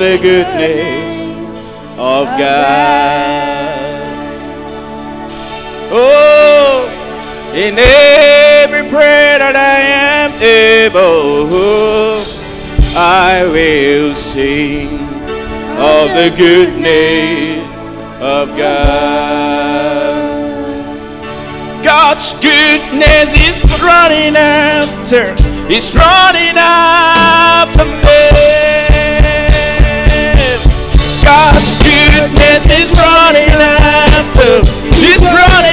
the goodness of God. Oh, in every prayer that I am able, I will sing of the goodness of God. God's goodness is running after, it's running after me. yes, it's running after. It's running.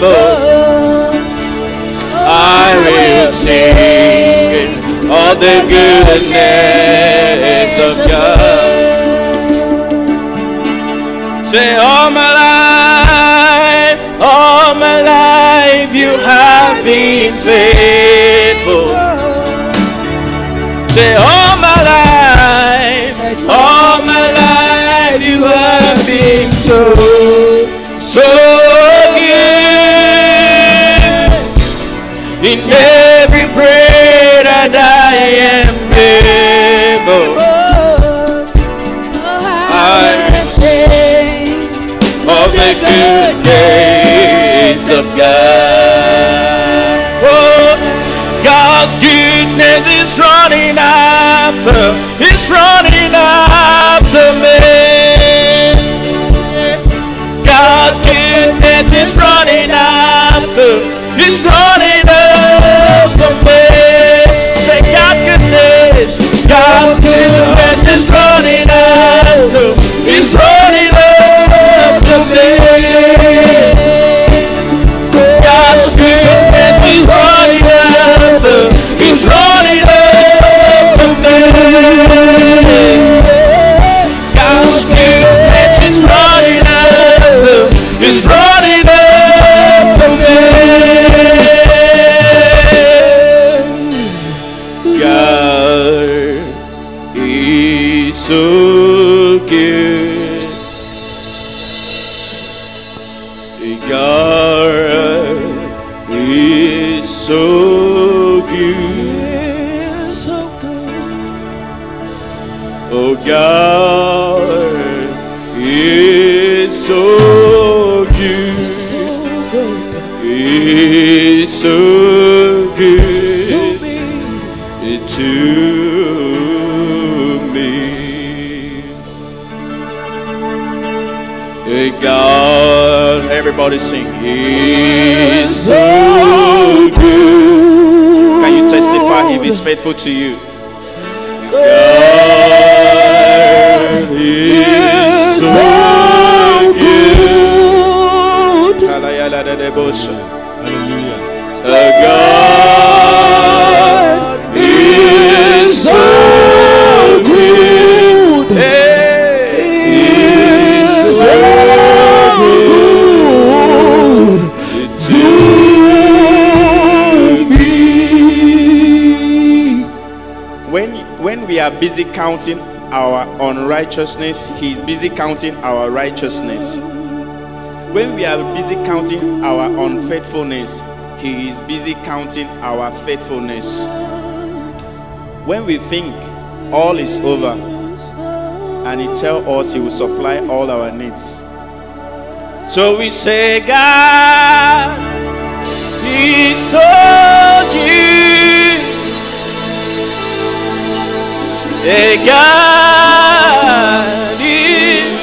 boast. I will sing all the goodness of God. Say, all my life, all my life, you have been faithful. Say, all my life, all my life, you have been so, so of God. Oh, God's goodness is running after, it's running after me. God's goodness is running after, it's running after me. Say, God's goodness, God's goodness is running after, it's running body sing, He's so good. Can you testify if He's faithful to you? busy counting our unrighteousness, He is busy counting our righteousness. When we are busy counting our unfaithfulness, He is busy counting our faithfulness. When we think all is over and He tells us He will supply all our needs. So we say, God, He so good. The God is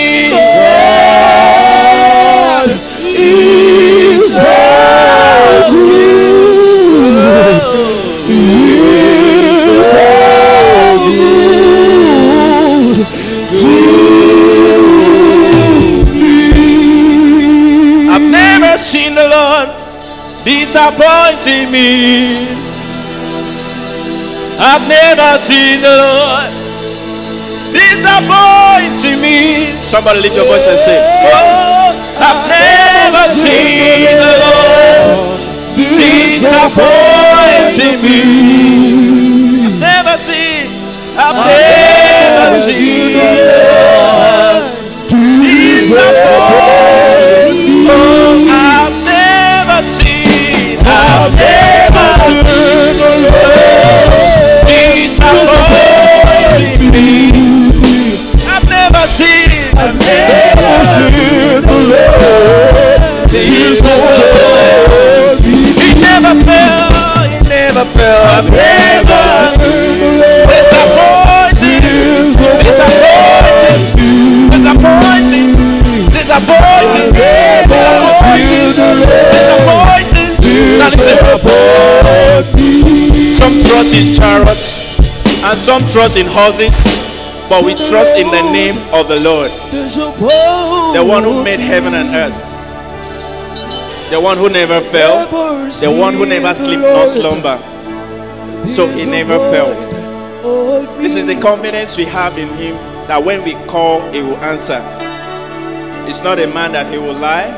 disappointing me. I've never seen the Lord disappointing me. Somebody lift your voice and say, oh, I've never seen the Lord disappointing me. I've never seen, I've never seen the Lord disappointing me. Oh, a felt never disappointed, disappointed, disappointed, disappointed, disappointed. Now listen. Some trust in chariots and some trust in horses, but we trust in the name of the Lord, the one who made heaven and earth the one who never fell, the one who never slept nor slumber. So he never failed. This is the confidence we have in him that when we call, he will answer. It's not a man that he will lie.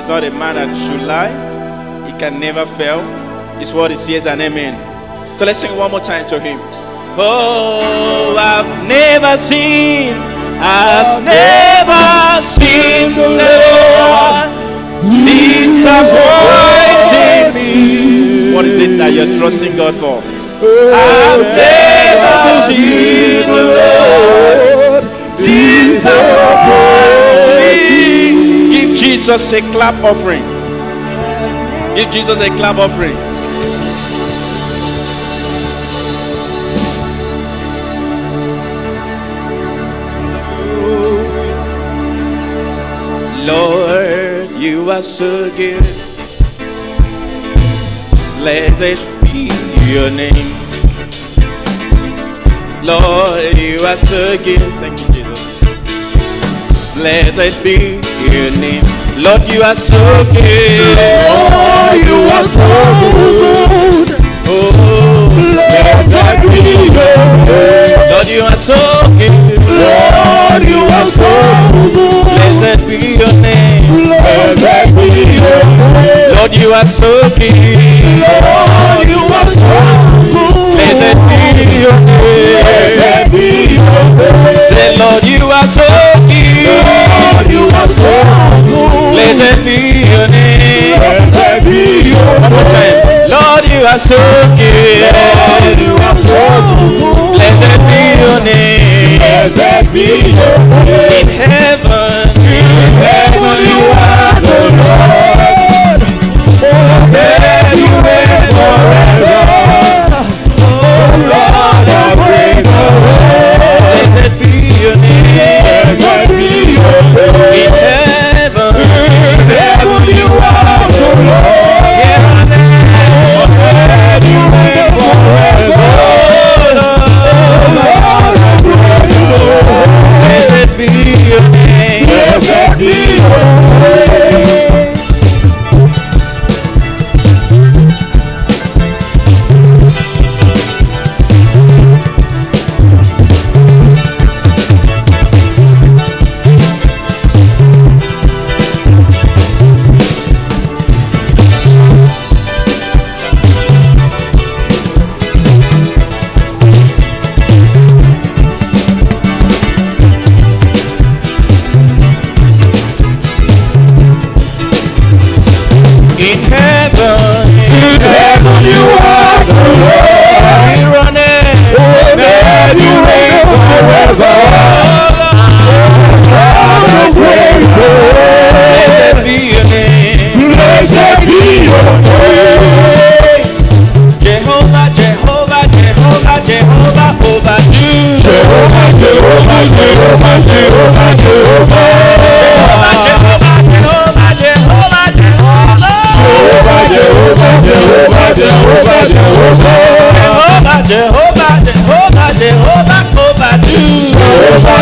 It's not a man that should lie. He can never fail. His word is yes and amen. So let's sing one more time to him. Oh, I've never seen, I've never seen the Lord disappointed me. What is it that you're trusting God for? i never seen the Lord disappoint me. Give Jesus a clap offering. Give Jesus a clap offering. Lord, you are so good blessed be your name. Lord, you are so good. Thank you, Jesus. Blessed be your name. Lord, you are so good. Lord, you are so good. Oh, blessed be your name. Lord, you are so good. Lord, you are so good. Blessed be your name. Blessed be your name. Lord, you are so good. Lord, you are so good. Blessed be your name. Blessed be your name. Say, Lord, you are so good. Lord, you are so good. Blessed be your name. Blessed be your name. One more time. Lord, you are so good. Lord, you are so good. Blessed be your name. Blessed be your name. In heaven. In heaven. be your name. Blessed be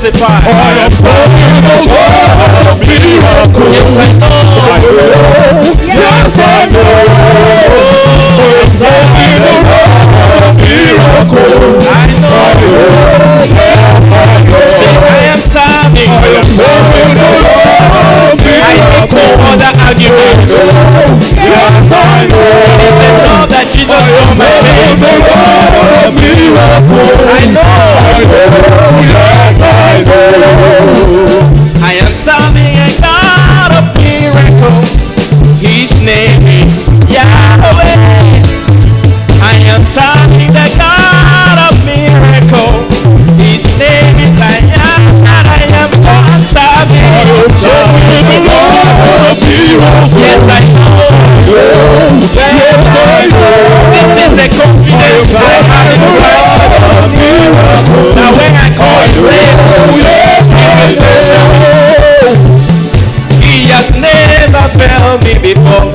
testify. I am serving the God Yes, I know. I know. Yes, I know. I am serving the God of I know. Yes, I know. Say, I am standing I am serving I make no other arguments. Yes, I know. Yes, I know that Jesus will make me. I know. Yes, I know. I am serving a God of miracle. His name is Yahweh. I am serving the God of miracle. His name is I am and I am God serving. I am serving the God of miracle. Yes, I this is the confidence I have in Christ. Now when I call his name, he has never failed me before.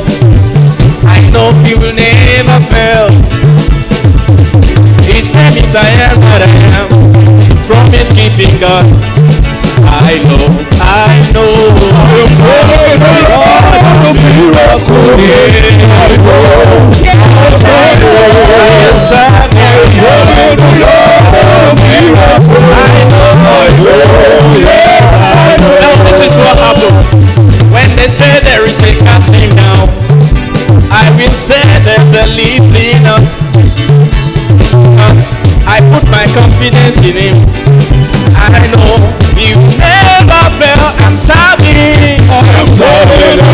I know he will never fail. His name is I am what I am. Promise keeping God. I know, I know. Now this is what happened. When they say there is a casting down, I will say there's a lifting up. I put my confidence in him. I know you never fail. I'm sorry. I'm sorry.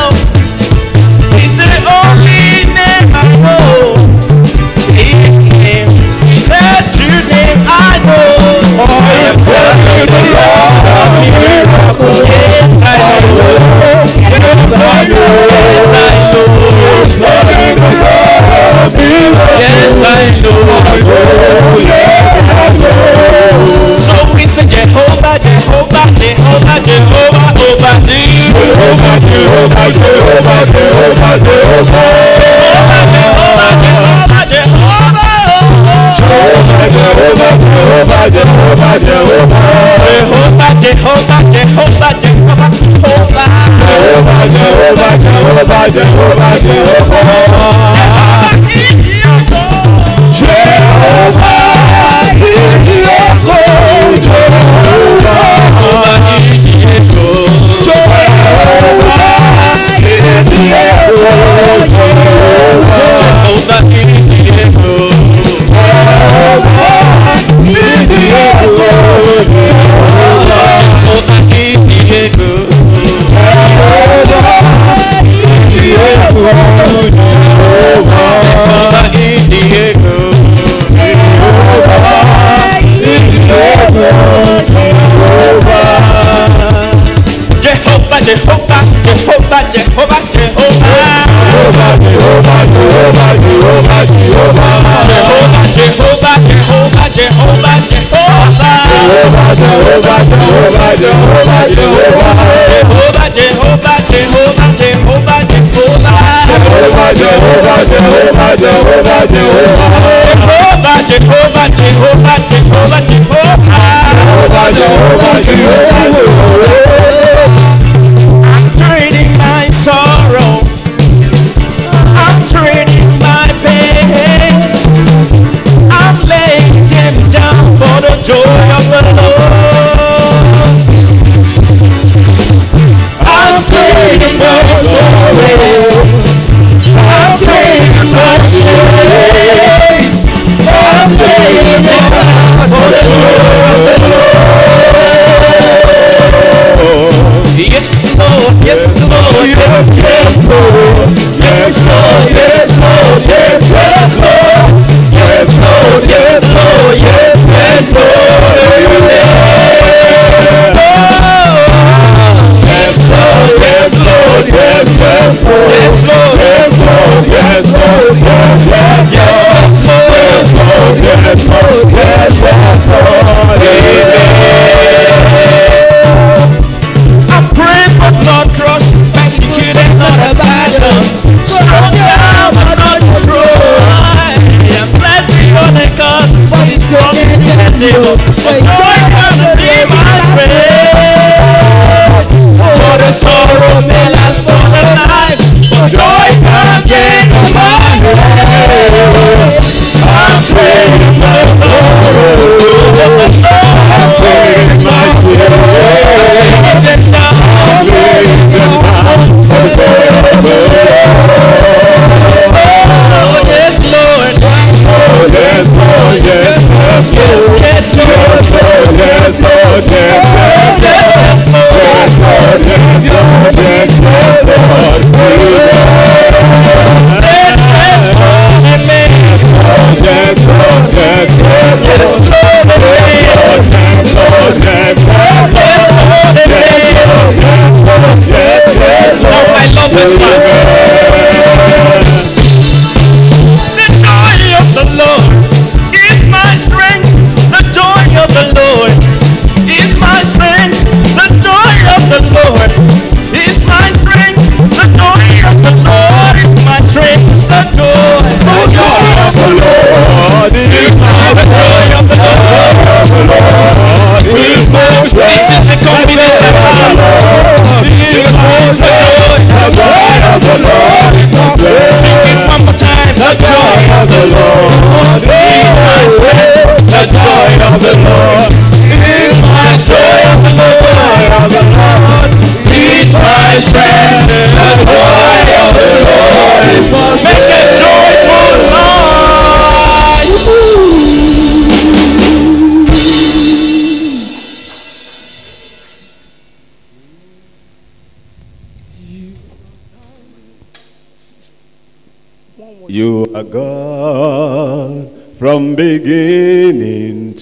Yeah.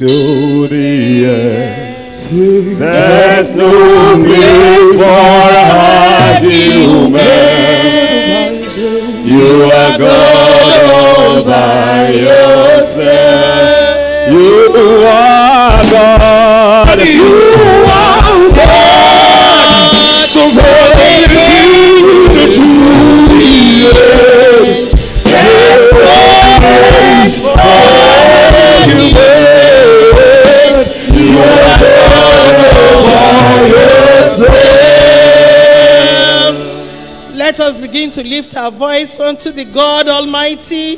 就。Let us begin to lift our voice unto the God Almighty.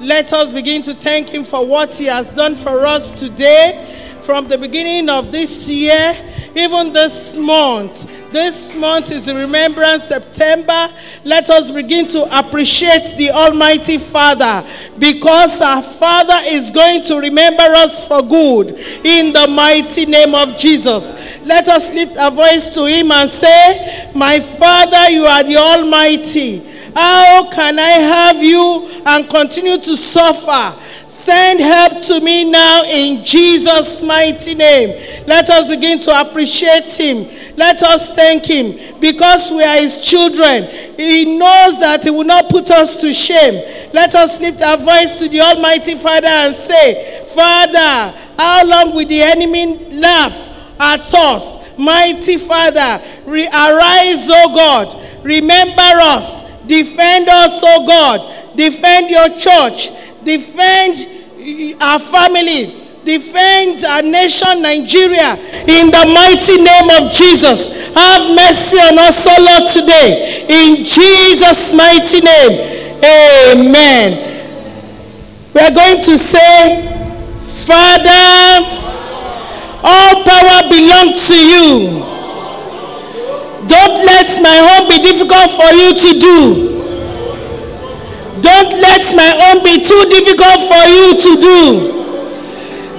Let us begin to thank Him for what He has done for us today. From the beginning of this year, even this month, this month is the Remembrance September. Let us begin to appreciate the Almighty Father because our Father is going to remember us for good in the mighty name of Jesus. Let us lift our voice to Him and say, My Father, you are the Almighty. How can I have you and continue to suffer? Send help to me now in Jesus' mighty name. Let us begin to appreciate Him. Let us thank Him because we are His children. He knows that He will not put us to shame. Let us lift our voice to the Almighty Father and say, Father, how long will the enemy laugh at us? Mighty Father, re- arise, O God. Remember us. Defend us, O God. Defend your church. Defend our family Defend our nation, Nigeria, in the mighty name of Jesus. Have mercy on us, O Lord, today. In Jesus' mighty name. Amen. We are going to say, Father, all power belongs to you. Don't let my home be difficult for you to do. Don't let my home be too difficult for you to do.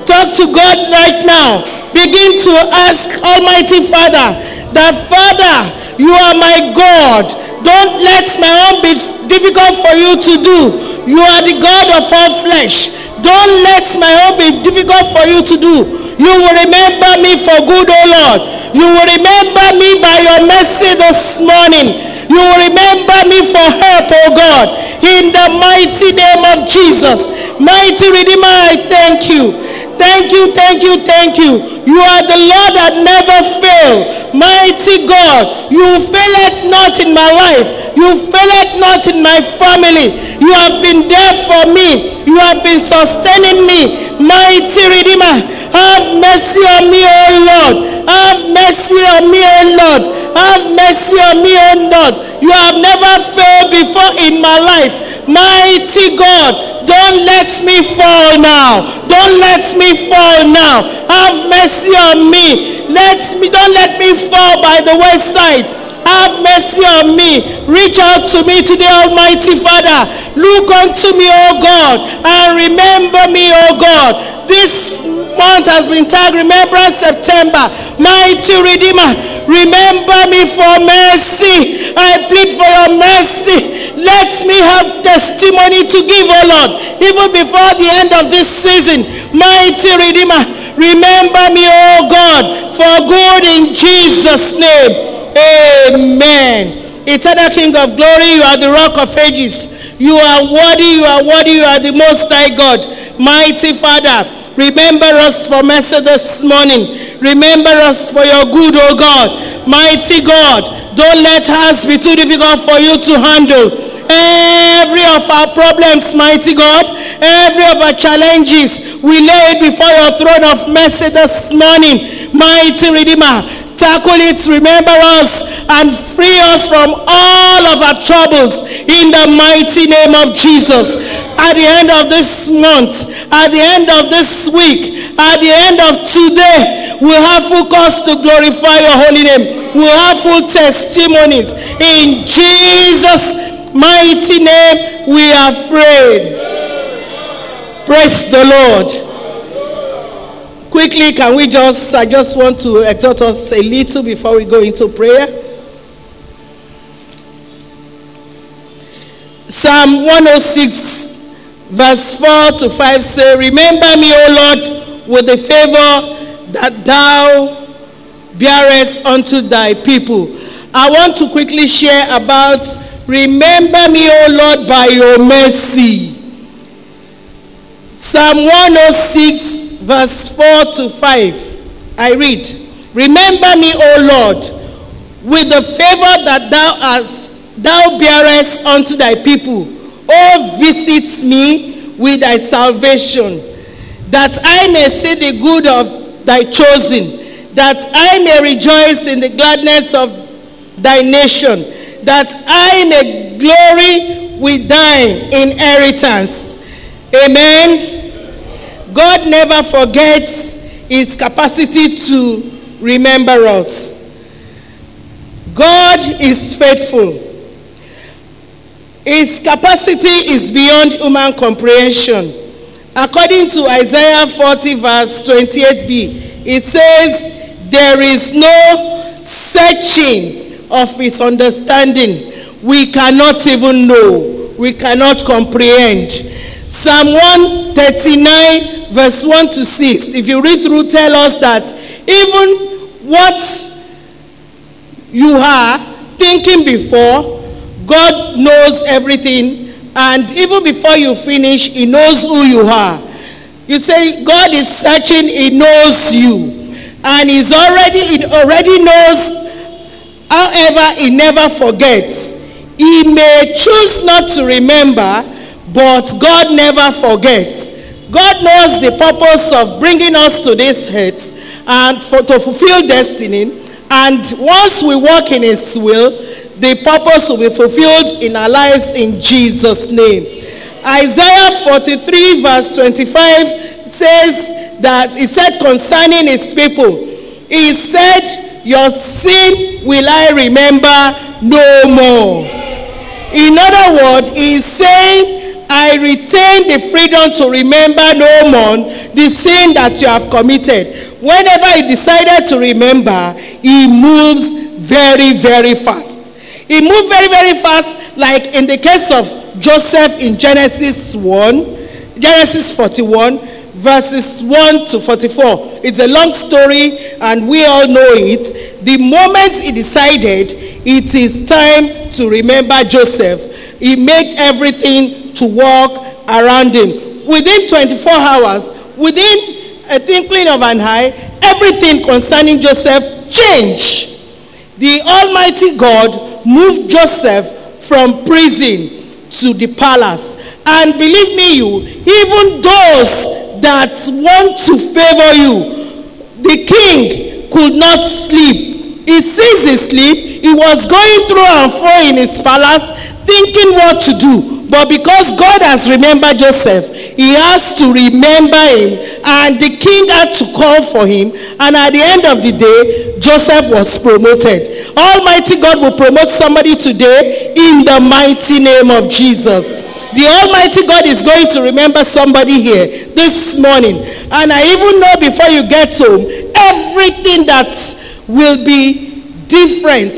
Talk to God right now. Begin to ask Almighty Father that, Father, you are my God. Don't let my own be difficult for you to do. You are the God of all flesh. Don't let my own be difficult for you to do. You will remember me for good, O oh Lord. You will remember me by your mercy this morning. You will remember me for help, O oh God. In the mighty name of Jesus. Mighty Redeemer, I thank you. Thank you, thank you, thank you. You are the Lord that never fail. Mighty God, you failed not in my life. You failed not in my family. You have been there for me. You have been sustaining me. Mighty Redeemer, have mercy on me, O Lord. Have mercy on me, O Lord. Have mercy on me, O Lord. You have never failed before in my life. Mighty God, don't let me fall now. Don't let me fall now. Have mercy on me. Let me don't let me fall by the wayside. Have mercy on me. Reach out to me today, Almighty Father. Look unto me, O God, and remember me, O God. This month has been tagged Remembrance September. Mighty Redeemer, remember me for mercy. I plead for your mercy. Let me have testimony to give, O oh Lord, even before the end of this season. Mighty Redeemer, remember me, O oh God, for good in Jesus' name. Amen. Eternal King of glory, you are the rock of ages. You are worthy, you are worthy, you are the most high God. Mighty Father, remember us for mercy this morning. Remember us for your good, O oh God. Mighty God, don't let us be too difficult for you to handle. Every of our problems, mighty God, every of our challenges, we lay it before your throne of mercy this morning, mighty Redeemer. Tackle it, remember us, and free us from all of our troubles in the mighty name of Jesus. At the end of this month, at the end of this week, at the end of today, we have full cause to glorify your holy name. We have full testimonies. In Jesus' mighty name, we have prayed. Praise the Lord. Quickly, can we just, I just want to exhort us a little before we go into prayer. Psalm 106, verse 4 to 5 say, Remember me, O Lord, with the favor that thou bearers unto thy people. I want to quickly share about remember me, O Lord, by your mercy. Psalm 106, verse 4 to 5. I read, Remember me, O Lord, with the favor that thou hast, thou bearest unto thy people. O visit me with thy salvation, that I may see the good of thy chosen that I may rejoice in the gladness of thy nation, that I may glory with thine inheritance. Amen. God never forgets his capacity to remember us. God is faithful. His capacity is beyond human comprehension. According to Isaiah 40, verse 28b, it says, there is no searching of his understanding. We cannot even know. We cannot comprehend. Psalm 139, verse 1 to 6, if you read through, tell us that even what you are thinking before, God knows everything. And even before you finish, He knows who you are. You say, God is searching, He knows you and is already it already knows however he never forgets he may choose not to remember but god never forgets god knows the purpose of bringing us to this earth and for, to fulfill destiny and once we walk in his will the purpose will be fulfilled in our lives in jesus name isaiah 43 verse 25 says that he said concerning his people, he said, Your sin will I remember no more. In other words, he's saying, I retain the freedom to remember no more the sin that you have committed. Whenever he decided to remember, he moves very, very fast. He moved very, very fast, like in the case of Joseph in Genesis 1, Genesis 41, verses 1 to 44. It's a long story, and we all know it. The moment he decided it is time to remember Joseph, he made everything to walk around him. Within 24 hours, within a twinkling of an eye, everything concerning Joseph changed. The Almighty God moved Joseph from prison to the palace. And believe me, you, even those that want to favor you. The king could not sleep. He ceased his sleep. He was going through and fro in his palace, thinking what to do. But because God has remembered Joseph, he has to remember him. And the king had to call for him. And at the end of the day, Joseph was promoted. Almighty God will promote somebody today in the mighty name of Jesus. The Almighty God is going to remember somebody here this morning. And I even know before you get home, everything that will be different,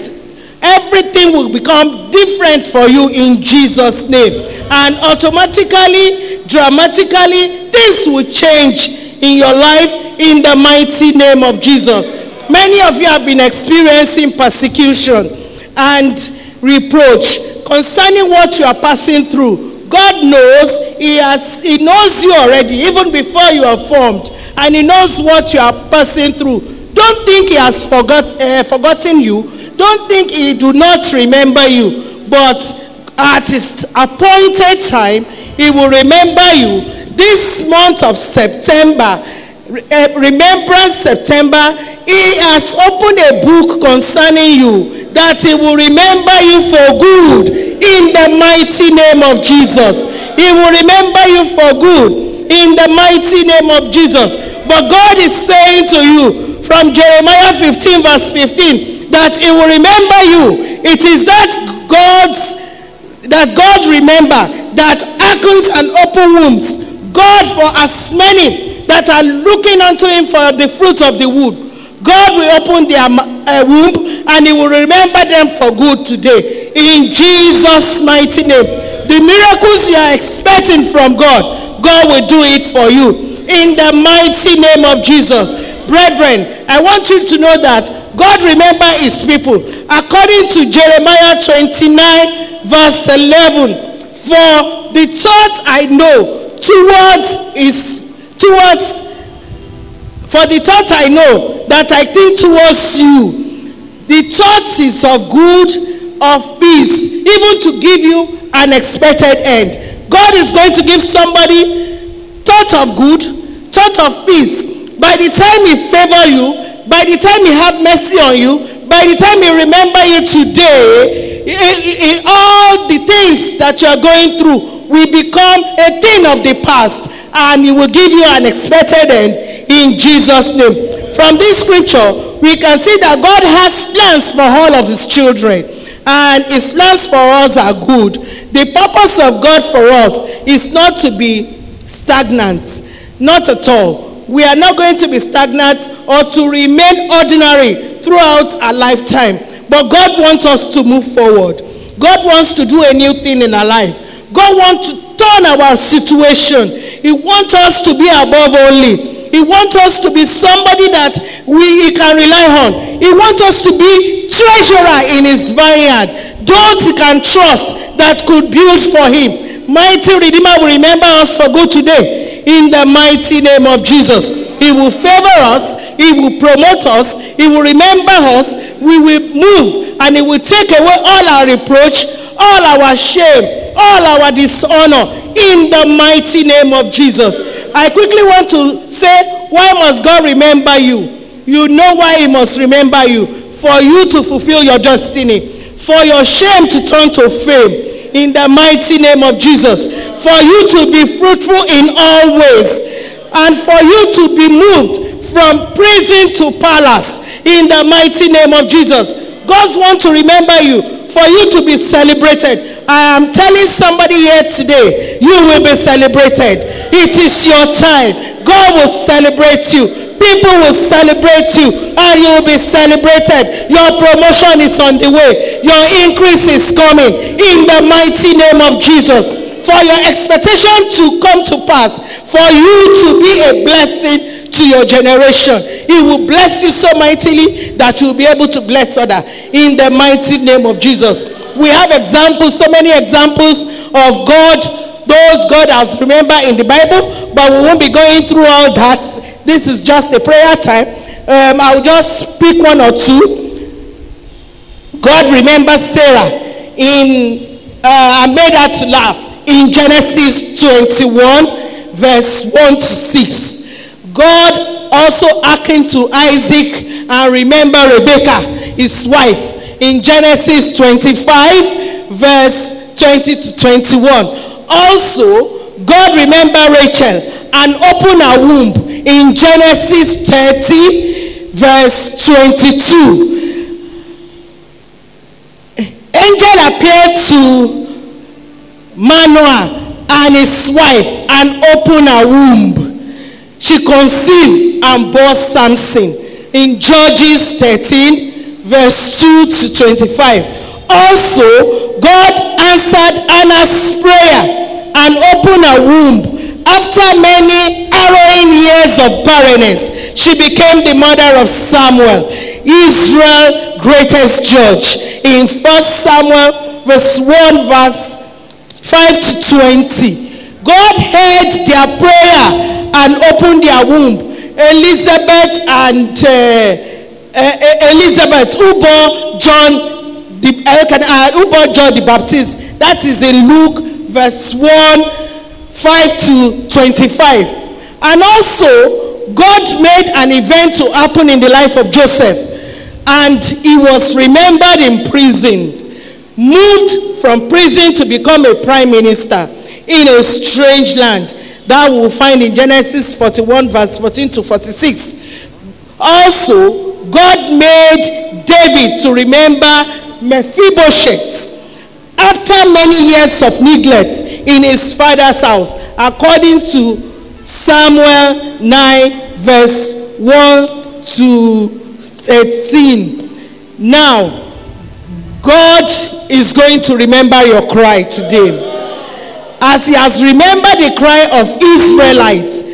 everything will become different for you in Jesus' name. And automatically, dramatically, this will change in your life in the mighty name of Jesus. Many of you have been experiencing persecution and reproach concerning what you are passing through God knows he, has, he knows you already, even before you are formed, and He knows what you are passing through. Don't think He has forgot, uh, forgotten you. Don't think He do not remember you. But at His appointed time, He will remember you. This month of September, uh, remembrance September, He has opened a book concerning you that He will remember you for good in the mighty name of Jesus. He will remember you for good in the mighty name of Jesus. But God is saying to you from Jeremiah 15, verse 15, that He will remember you. It is that God's that God remember that ackles and open wombs. God for as many that are looking unto him for the fruit of the wood. God will open their uh, womb and he will remember them for good today in Jesus' mighty name. The miracles you are expecting from God, God will do it for you in the mighty name of Jesus. Brethren, I want you to know that God remember his people. According to Jeremiah 29 verse 11, for the thought I know towards is towards for the thought I know that I think towards you, the thought is of good of peace, even to give you an expected end. God is going to give somebody thought of good, thought of peace. By the time He favor you, by the time He have mercy on you, by the time He remember you today, all the things that you are going through will become a thing of the past, and He will give you an expected end in Jesus' name. From this scripture, we can see that God has plans for all of His children and his plans for us are good. The purpose of God for us is not to be stagnant, not at all. We are not going to be stagnant or to remain ordinary throughout our lifetime. But God wants us to move forward. God wants to do a new thing in our life. God wants to turn our situation. He wants us to be above only he wants us to be somebody that we can rely on. He wants us to be treasurer in his vineyard. Those he can trust that could build for him. Mighty Redeemer will remember us for good today. In the mighty name of Jesus. He will favor us. He will promote us. He will remember us. We will move and he will take away all our reproach, all our shame, all our dishonor in the mighty name of Jesus. I quickly want to say, why must God remember you? You know why He must remember you. For you to fulfill your destiny. For your shame to turn to fame. In the mighty name of Jesus. For you to be fruitful in all ways. And for you to be moved from prison to palace. In the mighty name of Jesus. God wants to remember you. For you to be celebrated. I am telling somebody here today, you will be celebrated. It is your time. God will celebrate you. People will celebrate you and you will be celebrated. Your promotion is on the way. Your increase is coming in the mighty name of Jesus. For your expectation to come to pass, for you to be a blessing to your generation. He will bless you so mightily that you'll be able to bless others in the mighty name of Jesus. We have examples, so many examples of God those God has remembered in the Bible, but we won't be going through all that. This is just a prayer time. Um, I'll just pick one or two. God remembers Sarah in, uh, I made that laugh, in Genesis 21, verse 1 to 6. God also hearkened to Isaac and remember Rebekah, his wife, in Genesis 25, verse 20 to 21. Also, God remember Rachel and open her womb in Genesis 30, verse 22. Angel appeared to Manoah and his wife and open her womb. She conceived and bore Samson in Judges 13, verse 2 to 25 also God answered Anna's prayer and opened a womb. After many harrowing years of barrenness, she became the mother of Samuel, Israel's greatest judge. In 1 Samuel verse 1 verse 5 to 20, God heard their prayer and opened their womb. Elizabeth and uh, uh, uh Elizabeth, who bore John the, who uh, bought John the Baptist? That is in Luke verse 1, 5 to 25. And also, God made an event to happen in the life of Joseph. And he was remembered in prison, moved from prison to become a prime minister in a strange land. That we'll find in Genesis 41, verse 14 to 46. Also, God made David to remember Mephibosheth, after many years of neglect in his father's house, according to Samuel 9, verse 1 to 13. Now, God is going to remember your cry today. As he has remembered the cry of Israelites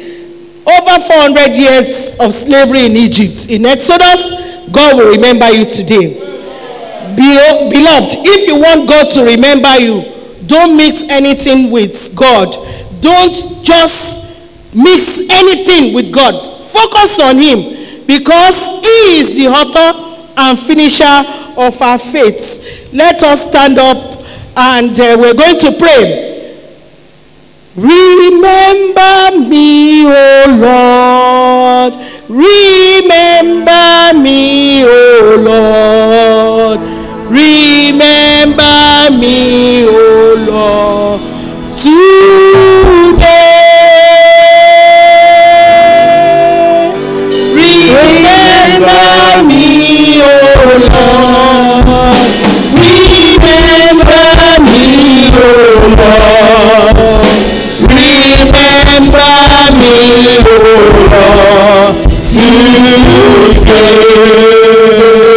over 400 years of slavery in Egypt. In Exodus, God will remember you today. Beloved, if you want God to remember you, don't mix anything with God. Don't just mix anything with God. Focus on Him because He is the author and finisher of our faith. Let us stand up and uh, we're going to pray. Remember me, O Lord. Remember me, O Lord. Remember me, O oh Lord, today. Remember me, O oh Lord. Remember me, O oh Lord. Remember me, O Lord, today.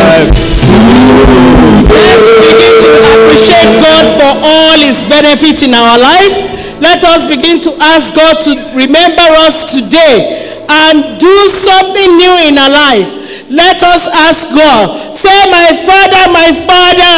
Let's begin to appreciate God for all his benefits in our life. Let us begin to ask God to remember us today and do something new in our life. Let us ask God, say, My Father, my Father,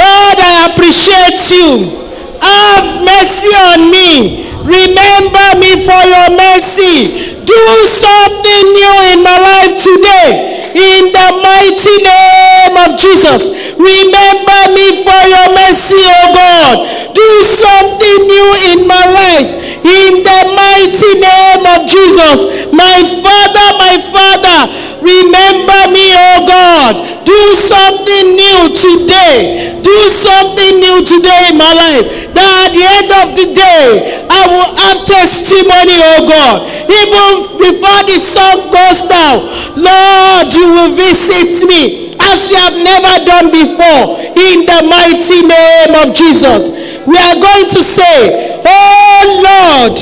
Lord, I appreciate you. Have mercy on me. Remember me for your mercy. Do something new in my life today. In the mighty name of Jesus, remember me for your mercy, O God. Do something new in my life. In the mighty name of Jesus, my Father, my Father, remember me, O God. Do something new today. Do something new today in my life. That at the end of the day, I will have testimony, O God even before the sun goes down. Lord, you will visit me as you have never done before in the mighty name of Jesus. We are going to say, Oh Lord,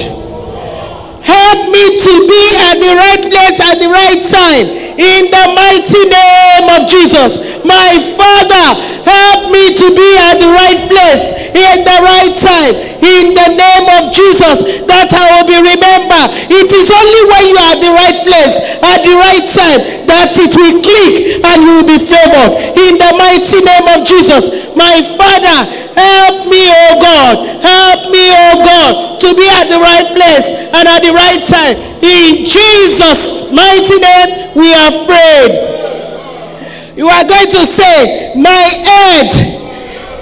help me to be at the right place at the right time in the mighty name of Jesus. My Father, help me to be at the right place in the right time in the name of Jesus that I will be remembered. It is only when you are at the right place at the right time that it will click and you will be favored. In the mighty name of Jesus, my Father, help me, oh God, help me, oh God, to be at the right place and at the right time. In Jesus' mighty name, we have prayed. You are going to say, My head,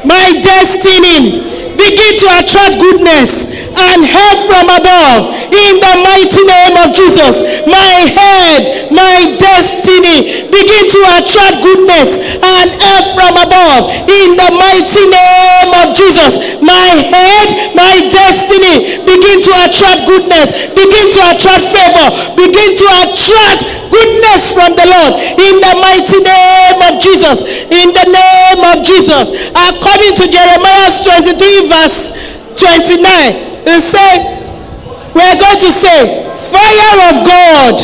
my destiny begin to attract goodness and help from above in the mighty name of Jesus. My head, my destiny, begin to attract goodness and help from above in the mighty name of Jesus. My head, my destiny, begin to attract goodness, begin to attract favor, begin to attract goodness from the Lord in the mighty name of Jesus. In the name of Jesus. According to Jeremiah 23, verse 29, it said, We're going to say, Fire of God,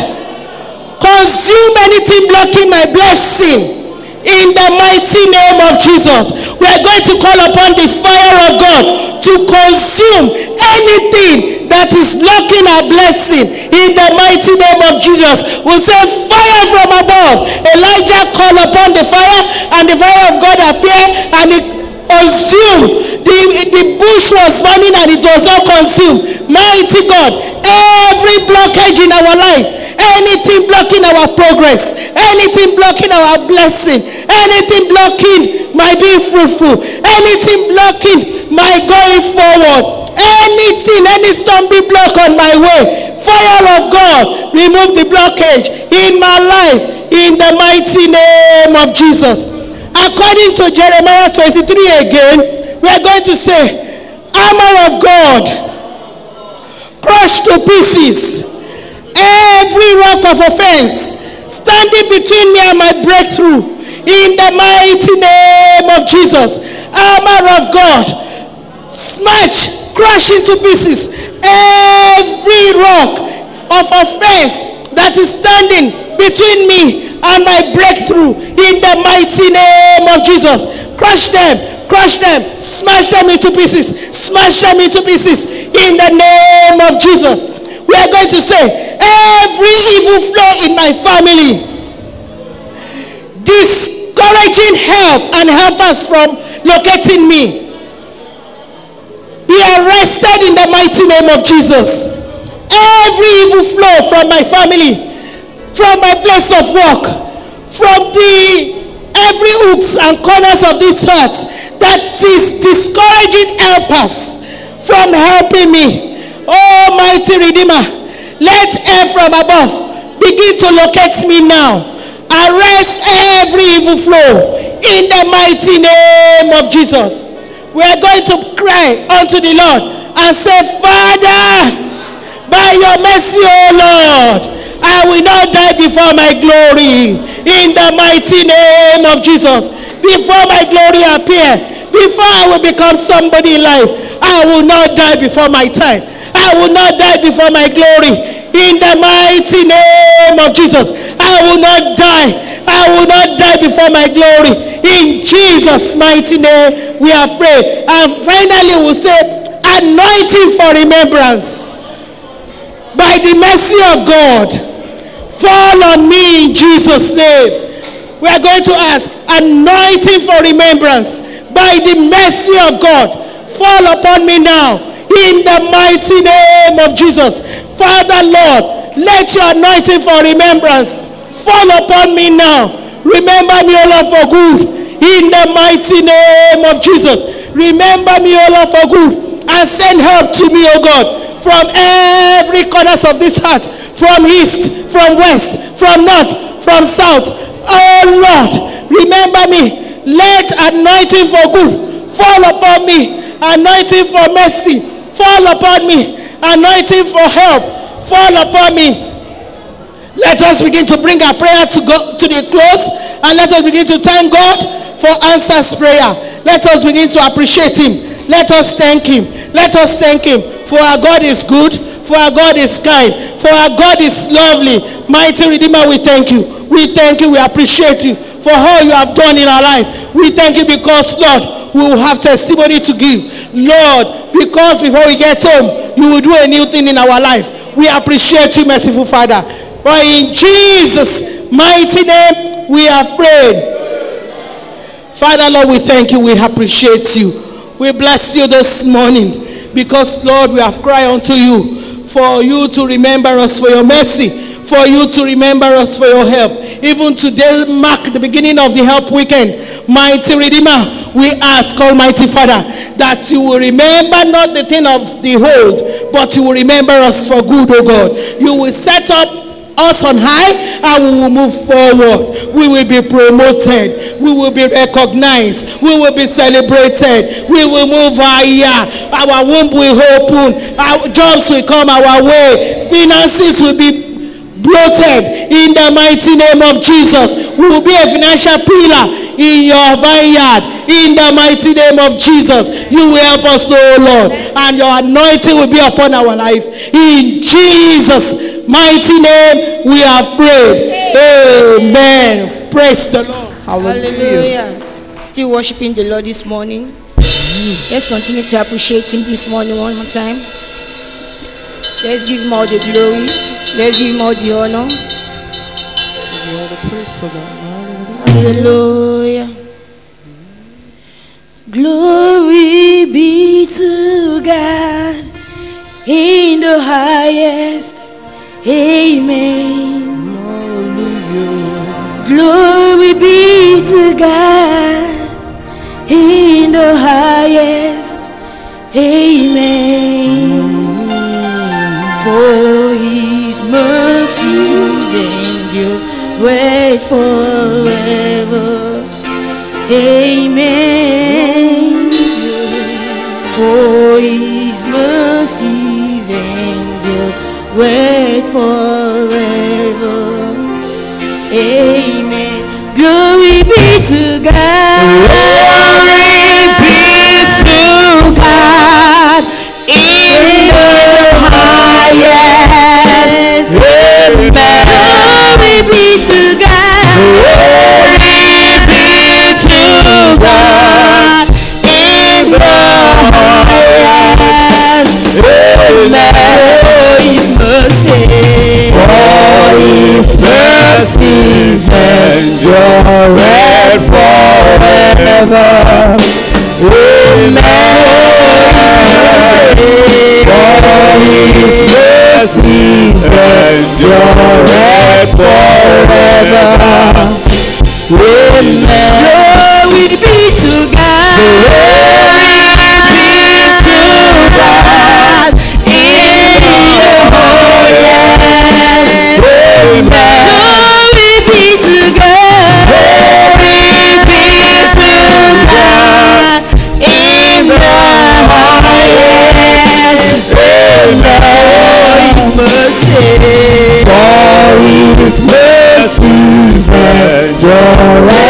consume anything blocking my blessing. In the mighty name of Jesus, we are going to call upon the fire of God to consume anything that is blocking our blessing in the mighty name of Jesus. We'll say fire from above. Elijah called upon the fire and the fire of God appeared and it consumed. The, the bush was burning and it does not consume. Mighty God, every blockage in our life anything blocking our progress, anything blocking our blessing, anything blocking my being fruitful, anything blocking my going forward. Anything, any stumbling block on my way, fire of God, remove the blockage in my life in the mighty name of Jesus. According to Jeremiah 23 again, we are going to say, Armor of God, crushed to pieces every rock of offense standing between me and my breakthrough in the mighty name of Jesus. Armor of God, smash crush into pieces every rock of offense that is standing between me and my breakthrough in the mighty name of Jesus. Crush them, crush them, smash them into pieces, smash them into pieces in the name of Jesus. We are going to say, every evil flow in my family, discouraging help and help us from locating me be arrested in the mighty name of Jesus. Every evil flow from my family, from my place of work, from the every hooks and corners of this heart that is discouraging helpers from helping me. Oh, mighty Redeemer, let air from above begin to locate me now. Arrest every evil flow in the mighty name of Jesus we are going to cry unto the Lord and say, Father, by your mercy, O Lord, I will not die before my glory. In the mighty name of Jesus, before my glory appear, before I will become somebody in life, I will not die before my time. I will not die before my glory. In the mighty name of Jesus, I will not die. I will not die before my glory. In Jesus' mighty name, we have prayed. And finally, we'll say, anointing for remembrance. By the mercy of God, fall on me in Jesus' name. We are going to ask, anointing for remembrance. By the mercy of God, fall upon me now. In the mighty name of Jesus. Father, Lord, let your anointing for remembrance fall upon me now Remember me, O Lord, for good. In the mighty name of Jesus. Remember me, O Lord, for good. And send help to me, O God, from every corners of this heart. From east, from west, from north, from south. Oh Lord, remember me. Let anointing for good fall upon me. Anointing for mercy fall upon me. Anointing for help fall upon me let us begin to bring our prayer to, go, to the close and let us begin to thank God for answers prayer. Let us begin to appreciate Him. Let us thank Him. Let us thank Him. For our God is good. For our God is kind. For our God is lovely. Mighty Redeemer, we thank you. We thank you. We appreciate you for all you have done in our life. We thank you because, Lord, we will have testimony to give. Lord, because before we get home, you will do a new thing in our life. We appreciate you, merciful Father. For in Jesus' mighty name we have prayed. Father, Lord, we thank you. We appreciate you. We bless you this morning because, Lord, we have cried unto you for you to remember us for your mercy, for you to remember us for your help. Even today, mark the beginning of the help weekend. Mighty Redeemer, we ask, Almighty Father, that you will remember not the thing of the old, but you will remember us for good, O God. You will set up us on high and we will move forward. We will be promoted. We will be recognized. We will be celebrated. We will move higher. Our womb will open. Our jobs will come our way. Finances will be bloated in the mighty name of Jesus. We will be a financial pillar in your vineyard in the mighty name of Jesus. You will help us, oh Lord, and your anointing will be upon our life in Jesus' mighty name we have prayed. Amen. Praise the Lord. Hallelujah. Hallelujah. Still worshiping the Lord this morning. Let's continue to appreciate Him this morning one more time. Let's give Him all the glory. Let's give Him all the honor. Hallelujah. Glory be to God in the highest. Amen. Glory be to God in the highest. Amen. For his mercies endure wait forever. Amen. For his mercies endure wait foi mercies endureth forever. Amen. For his mercies forever. Amen. Glory be together. For his mercies endure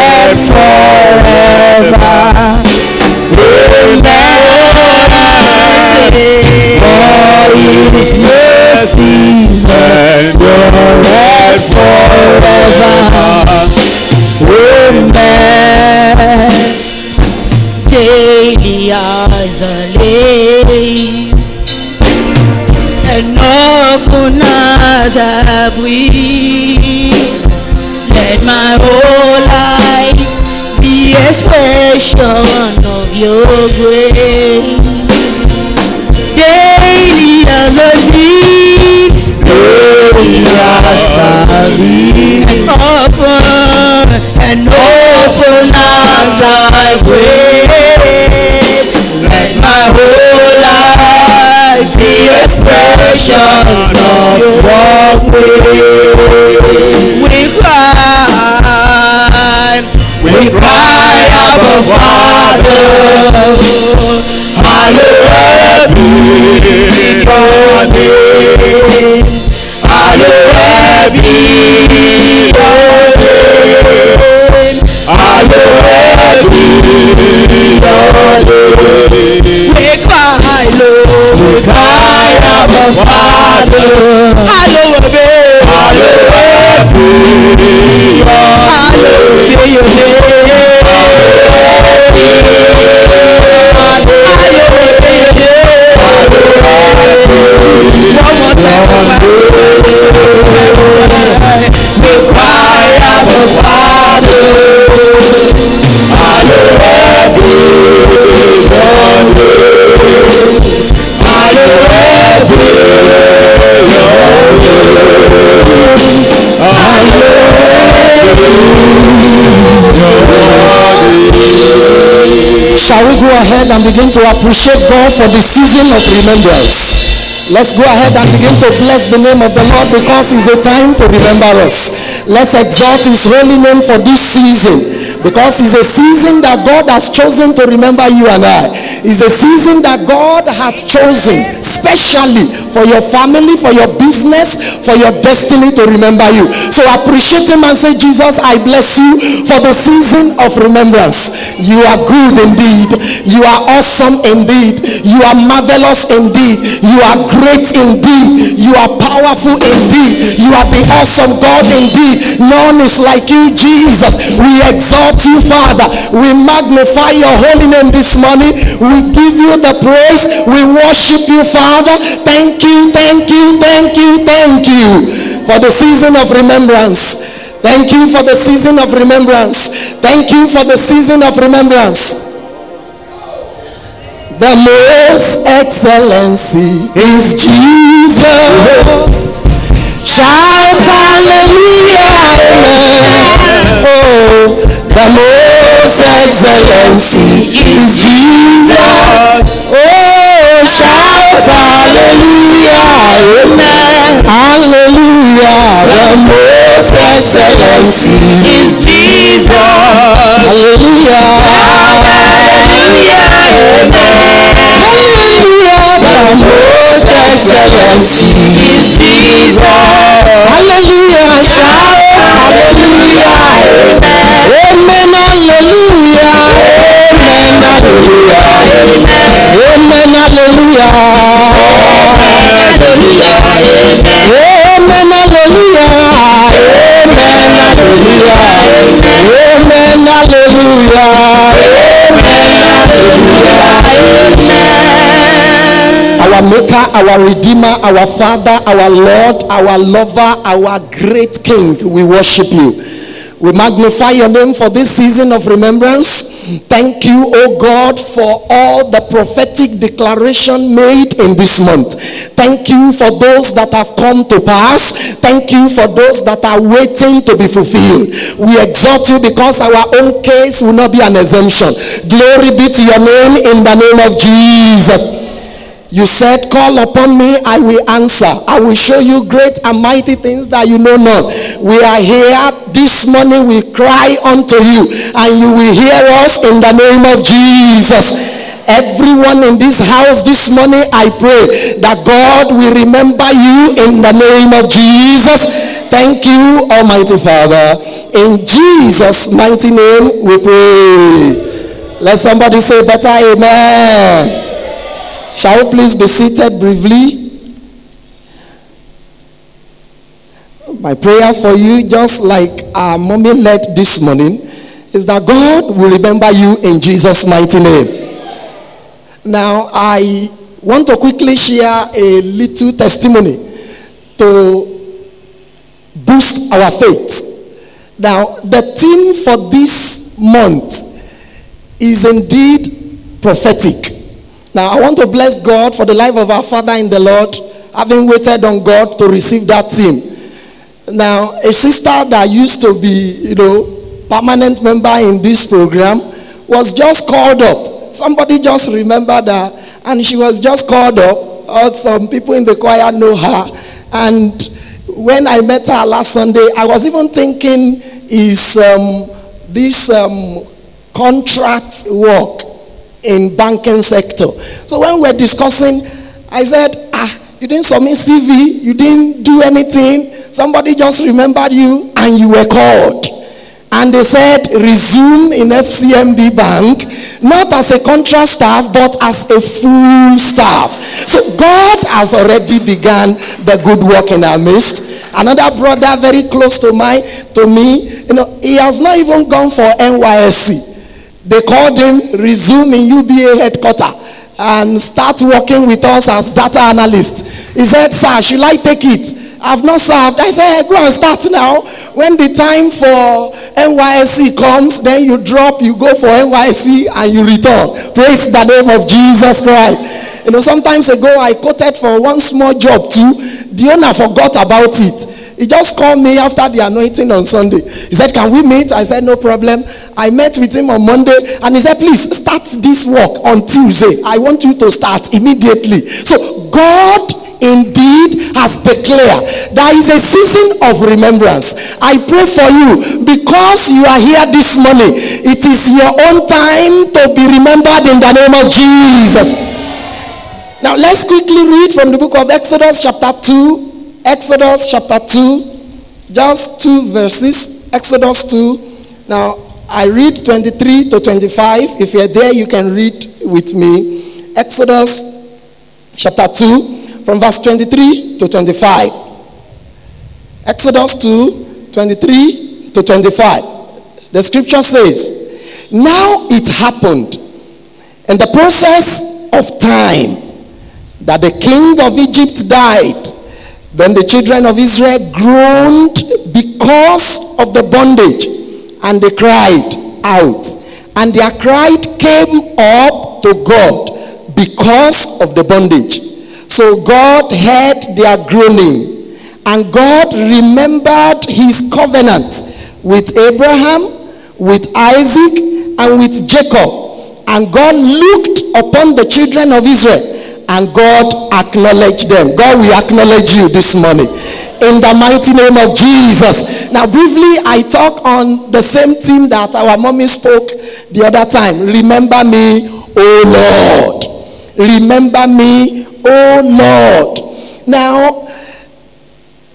ahead and begin to appreciate God for the season of remembrance. Let's go ahead and begin to bless the name of the Lord because it's a time to remember us. Let's exalt his holy name for this season because it's a season that God has chosen to remember you and I. It's a season that God has chosen specially for your family, for your business, for your destiny to remember you. So appreciate Him and say, Jesus, I bless you for the season of remembrance. You are good indeed. You are awesome indeed. You are marvelous indeed. You are great indeed. You are powerful indeed. You are the awesome God indeed. None is like you, Jesus. We exalt you, Father. We magnify your holy name this morning. We give you the praise. We worship you, Father. Thank Thank you, thank you, thank you, thank you for the season of remembrance. Thank you for the season of remembrance. Thank you for the season of remembrance. The most excellency is Jesus. Shout hallelujah, amen. Oh, the most excellency is Jesus. Oh, shout hallelujah, amen. Hallelujah, the most excellency is Jesus. Hallelujah, hallelujah, amen. Hallelujah, the most excellency is Jesus. Hallelujah, shout. Hallelujah. Amen. Hallelujah. Amen. Hallelujah. Amen. Hallelujah. Amen. Hallelujah. Amen, hallelujah. Amen, hallelujah. Amen, hallelujah. Amen our maker, our redeemer, our father, our lord, our lover, our great king. We worship you. We magnify your name for this season of remembrance. Thank you, O oh God, for all the prophetic declaration made in this month. Thank you for those that have come to pass. Thank you for those that are waiting to be fulfilled. We exhort you because our own case will not be an exemption. Glory be to your name in the name of Jesus. You said, Call upon me, I will answer. I will show you great and mighty things that you know not. We are here this morning, we cry unto you, and you will hear us in the name of Jesus. Everyone in this house this morning, I pray that God will remember you in the name of Jesus. Thank you, Almighty Father. In Jesus' mighty name, we pray. Let somebody say better, Amen. Shall we please be seated briefly? My prayer for you, just like our mommy led this morning, is that God will remember you in Jesus' mighty name. Now, I want to quickly share a little testimony to boost our faith. Now, the theme for this month is indeed prophetic. Now, I want to bless God for the life of our father in the Lord, having waited on God to receive that team. Now, a sister that used to be, you know, permanent member in this program was just called up. Somebody just remembered her, and she was just called up. Uh, some people in the choir know her. And when I met her last Sunday, I was even thinking, is um, this um, contract work? in banking sector. So when we are discussing, I said, ah, you didn't submit CV, you didn't do anything. Somebody just remembered you and you were called. And they said, resume in FCMB Bank, not as a contract staff, but as a full staff. So God has already begun the good work in our midst. Another brother very close to my to me, you know, he has not even gone for NYSC. They called him, resume in UBA headquarter and start working with us as data analyst. He said, Sir, should I take it? I've not served. I said, hey, Go and start now. When the time for NYC comes, then you drop, you go for NYC, and you return. Praise the name of Jesus Christ. You know, sometimes ago I quoted for one small job too. The owner forgot about it. He just called me after the anointing on Sunday. He said, Can we meet? I said, No problem. I met with him on Monday and he said, Please start this work on Tuesday. I want you to start immediately. So, God indeed has declared there is a season of remembrance i pray for you because you are here this morning it is your own time to be remembered in the name of jesus now let's quickly read from the book of exodus chapter 2 Exodus chapter 2, just two verses. Exodus 2. Now, I read 23 to 25. If you're there, you can read with me. Exodus chapter 2, from verse 23 to 25. Exodus 2, 23 to 25. The scripture says, Now it happened in the process of time that the king of Egypt died then the children of Israel groaned because of the bondage, and they cried out. And their cry came up to God because of the bondage. So God heard their groaning, and God remembered his covenant with Abraham, with Isaac, and with Jacob. And God looked upon the children of Israel and God acknowledge them. God will acknowledge you this morning. In the mighty name of Jesus. Now, briefly, I talk on the same theme that our mommy spoke the other time. Remember me, oh Lord. Remember me, oh Lord. Now,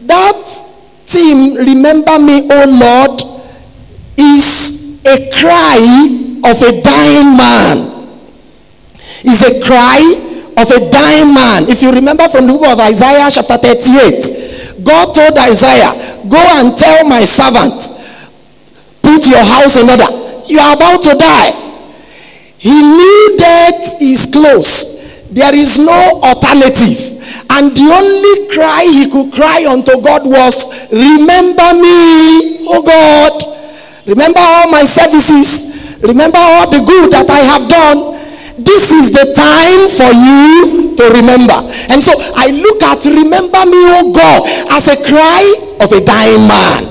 that theme, Remember me, oh Lord, is a cry of a dying man. Is a cry of a dying man. If you remember from the book of Isaiah, chapter 38, God told Isaiah, Go and tell my servant, put your house in order. You are about to die. He knew death is close, there is no alternative. And the only cry he could cry unto God was, Remember me, O God. Remember all my services. Remember all the good that I have done this is the time for you to remember. And so I look at remember me, O God, as a cry of a dying man.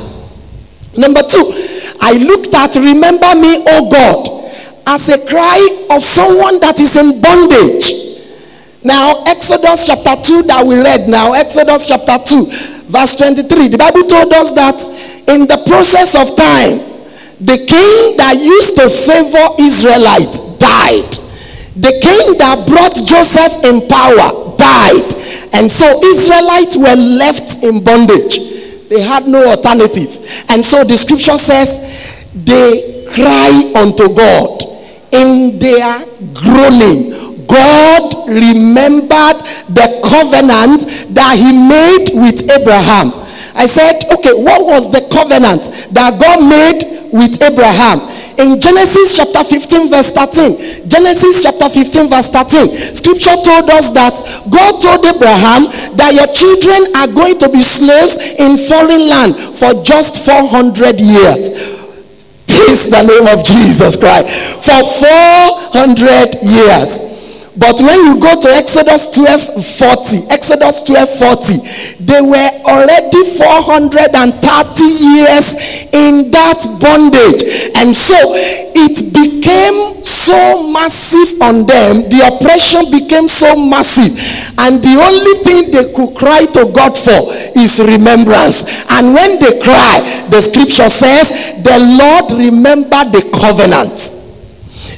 Number two, I looked at remember me, O God, as a cry of someone that is in bondage. Now, Exodus chapter 2 that we read now, Exodus chapter 2, verse 23, the Bible told us that in the process of time, the king that used to favor Israelite died. The king that brought Joseph in power died. And so Israelites were left in bondage. They had no alternative. And so the scripture says they cry unto God in their groaning. God remembered the covenant that he made with Abraham. I said, okay, what was the covenant that God made with Abraham? in Genesis chapter 15, verse 13. Genesis chapter 15, verse 13. Scripture told us that God told Abraham that your children are going to be slaves in foreign land for just 400 years. Praise the name of Jesus Christ. For 400 years. But when you go to Exodus 12 40, Exodus 12 40, they were already 430 years in that bondage. And so it became so massive on them, the oppression became so massive. And the only thing they could cry to God for is remembrance. And when they cry, the scripture says, The Lord remembered the covenant.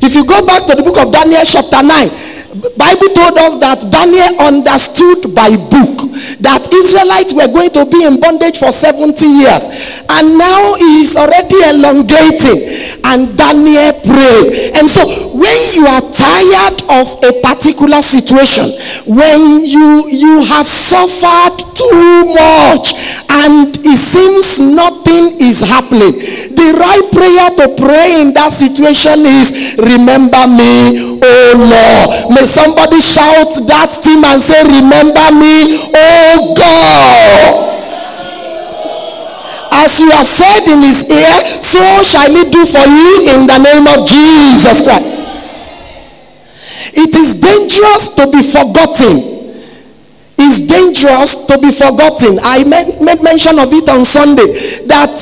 If you go back to the book of Daniel, chapter 9, Bible told us that Daniel understood by book that Israelites were going to be in bondage for 70 years. And now he is already elongating. And Daniel prayed. And so when you are tired of a particular situation, when you you have suffered too much, seems nothing is happening. The right prayer to pray in that situation is, Remember me, oh Lord. May somebody shout that team and say, Remember me, oh God. As you have said in his ear, so shall he do for you in the name of Jesus Christ. It is dangerous to be forgotten is dangerous to be forgotten. I made, mention of it on Sunday that,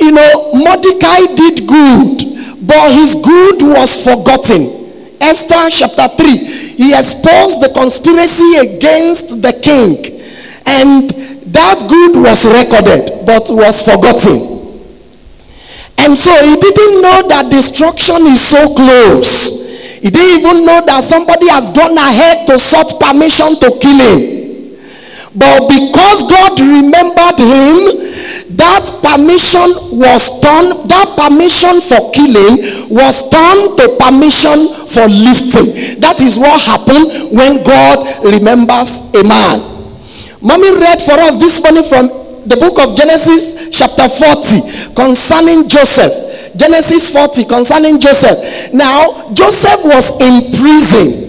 you know, Mordecai did good, but his good was forgotten. Esther chapter 3, he exposed the conspiracy against the king, and that good was recorded but was forgotten. And so he didn't know that destruction is so close. He didn't even know that somebody has gone ahead to sought permission to kill him. But because God remembered him, that permission was turned, that permission for killing was turned to permission for lifting. That is what happened when God remembers a man. Mommy read for us this morning from the book of Genesis, chapter 40, concerning Joseph. Genesis 40 concerning Joseph. Now, Joseph was in prison.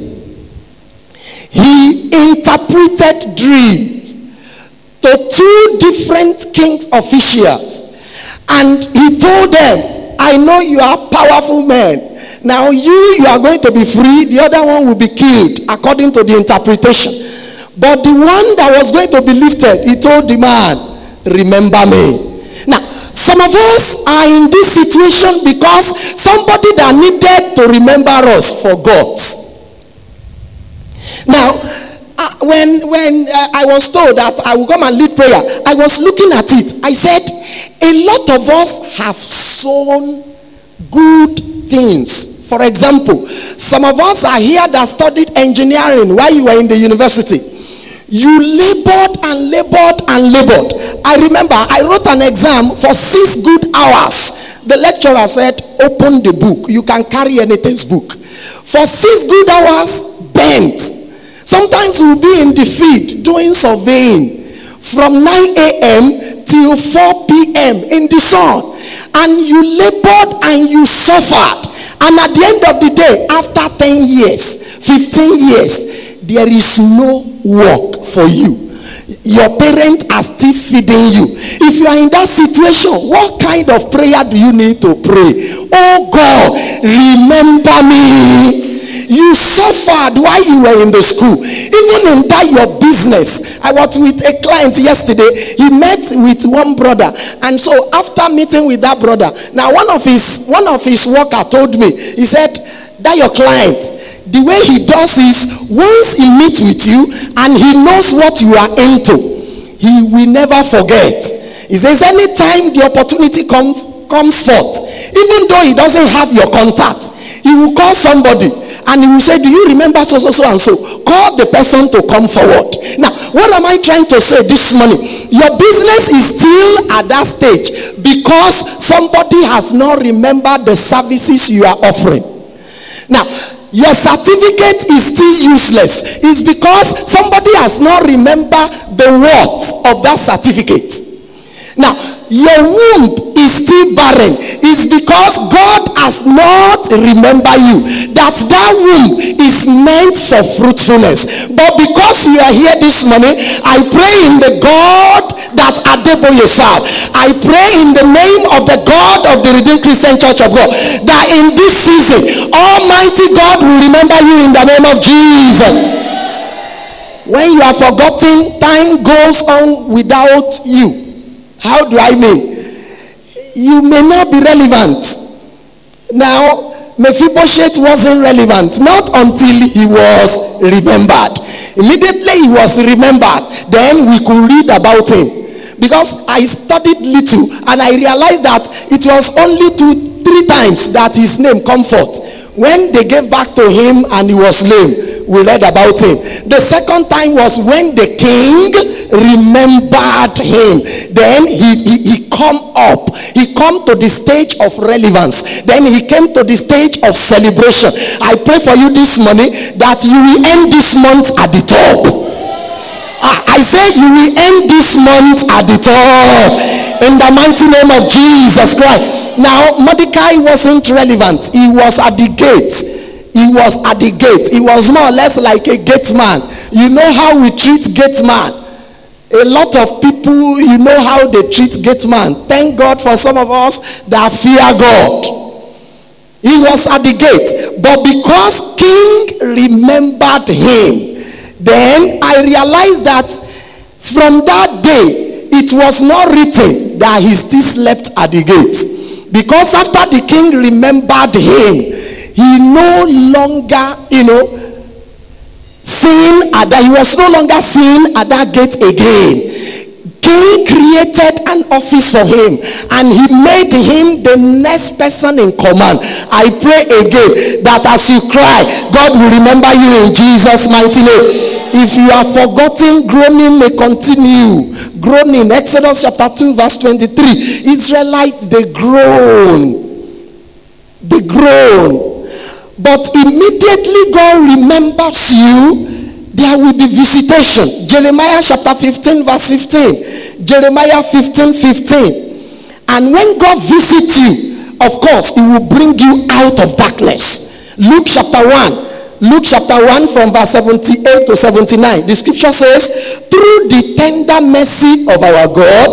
He interpreted dreams to two different king's officials. And he told them, I know you are powerful men. Now you, you are going to be free. The other one will be killed according to the interpretation. But the one that was going to be lifted, he told the man, remember me. Now, some of us are in this situation because somebody that needed to remember us forgot. Now, uh, when when uh, I was told that I will come and lead prayer, I was looking at it. I said, a lot of us have sown good things. For example, some of us are here that studied engineering while you were in the university. You labored and labored and labored. I remember I wrote an exam for six good hours. The lecturer said, Open the book. You can carry anything's book. For six good hours, bent. Sometimes we'll be in the field doing surveying from 9 a.m. till 4 p.m. in the sun. And you labored and you suffered. And at the end of the day, after 10 years, 15 years, there is no work for you. Your parents are still feeding you. If you are in that situation, what kind of prayer do you need to pray? Oh God, remember me. You suffered while you were in the school. Even in that your business. I was with a client yesterday. He met with one brother. And so after meeting with that brother, now one of his one of his worker told me, he said, that your client the way he does is once he meets with you and he knows what you are into, he will never forget. He says, anytime the opportunity comes comes forth, even though he doesn't have your contact, he will call somebody and he will say, Do you remember so, so, so, and so? Call the person to come forward. Now, what am I trying to say this morning? Your business is still at that stage because somebody has not remembered the services you are offering. Now, your certificate is still useless It's because somebody has not remembered the worth of that certificate. Now, your womb is still barren is because God has not remembered you. That that womb is meant for fruitfulness. But because you are here this morning, I pray in the God that Adeboye yourself. I pray in the name of the God of the Redeemed Christian Church of God that in this season, Almighty God will remember you in the name of Jesus. When you are forgotten, time goes on without you. How do I mean? You may not be relevant. Now, Mephibosheth wasn't relevant, not until he was remembered. Immediately he was remembered, then we could read about him. Because I studied little and I realized that it was only two, three times that his name come forth. When they gave back to him and he was lame, we read about him. The second time was when they king remembered him. Then he, he, he come up. He come to the stage of relevance. Then he came to the stage of celebration. I pray for you this morning that you will end this month at the top. Ah, I say you will end this month at the top in the mighty name of Jesus Christ. Now, Mordecai wasn't relevant, he was at the gate he was at the gate. He was more or less like a gate man. You know how we treat gate man. A lot of people, you know how they treat gate man. Thank God for some of us that fear God. He was at the gate. But because King remembered him, then I realized that from that day, it was not written that he still slept at the gate. Because after the king remembered him, he no longer, you know, seen at that, he was no longer seen at that gate again. King created an office for him and he made him the next person in command. I pray again that as you cry, God will remember you in Jesus' mighty name. If you are forgotten, groaning may continue. Groaning, Exodus chapter 2, verse 23. Israelites, they groan. They groan but immediately God remembers you, there will be visitation. Jeremiah chapter 15, verse 15. Jeremiah 15, 15. And when God visits you, of course, he will bring you out of darkness. Luke chapter 1. Luke chapter 1 from verse 78 to 79. The scripture says, Through the tender mercy of our God,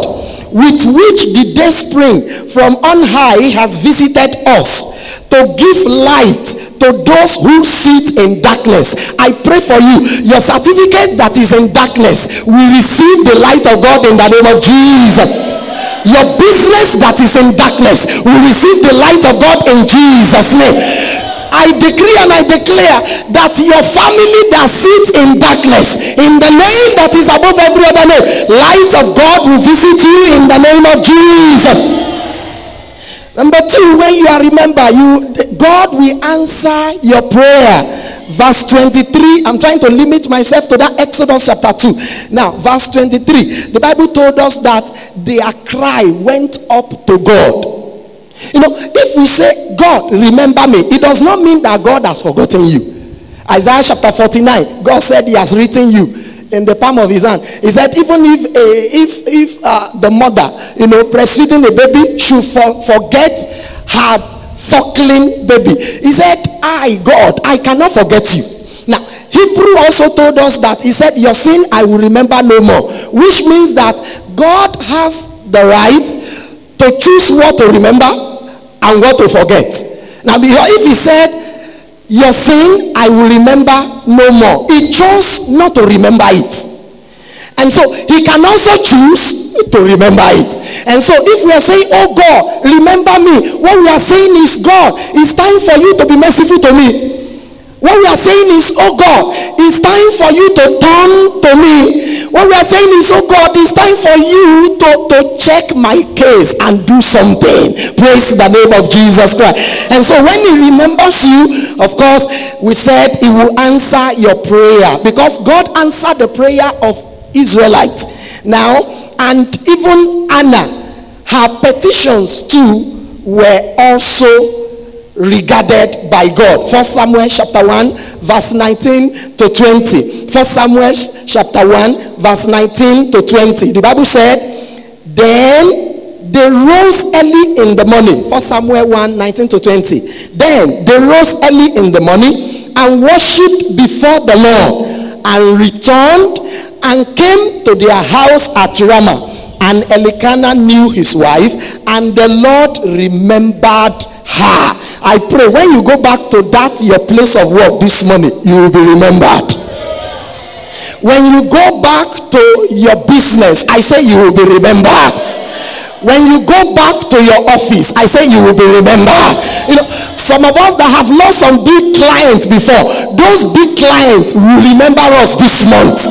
with which the day spring from on high has visited us to give light to those who sit in darkness. I pray for you. Your certificate that is in darkness will receive the light of God in the name of Jesus. Your business that is in darkness will receive the light of God in Jesus' name. I decree and I declare that your family that sits in darkness, in the name that is above every other name, light of God will visit you in the name of Jesus. Number two, when you are remember, you God will answer your prayer. Verse 23. I'm trying to limit myself to that Exodus chapter 2. Now, verse 23. The Bible told us that their cry went up to God. You know, if we say, God, remember me, it does not mean that God has forgotten you. Isaiah chapter 49, God said He has written you in the palm of his hand. He said, even if a, if if uh, the mother, you know, breastfeeding a baby, should for, forget her suckling baby, he said, I God, I cannot forget you. Now, Hebrew also told us that he said, Your sin I will remember no more, which means that God has the right to choose what to remember and what to forget. Now, if he said your sin, I will remember no more. He chose not to remember it. And so he can also choose to remember it. And so if we are saying, Oh God, remember me, what we are saying is, God, it's time for you to be merciful to me. What we are saying is, oh God, it's time for you to turn to me. What we are saying is, oh God, it's time for you to, to check my case and do something. Praise the name of Jesus Christ. And so when he remembers you, of course, we said he will answer your prayer because God answered the prayer of Israelites. Now, and even Anna, her petitions too were also regarded by God. 1 Samuel chapter 1 verse 19 to 20. 1 Samuel chapter 1 verse 19 to 20. The Bible said, Then they rose early in the morning. First Samuel 1 19 to 20. Then they rose early in the morning and worshipped before the Lord and returned and came to their house at Ramah. And Elikana knew his wife, and the Lord remembered her. I pray when you go back to that your place of work this morning, you will be remembered. When you go back to your business, I say you will be remembered. When you go back to your office, I say you will be remembered. You know, some of us that have lost some big clients before, those big clients will remember us this month.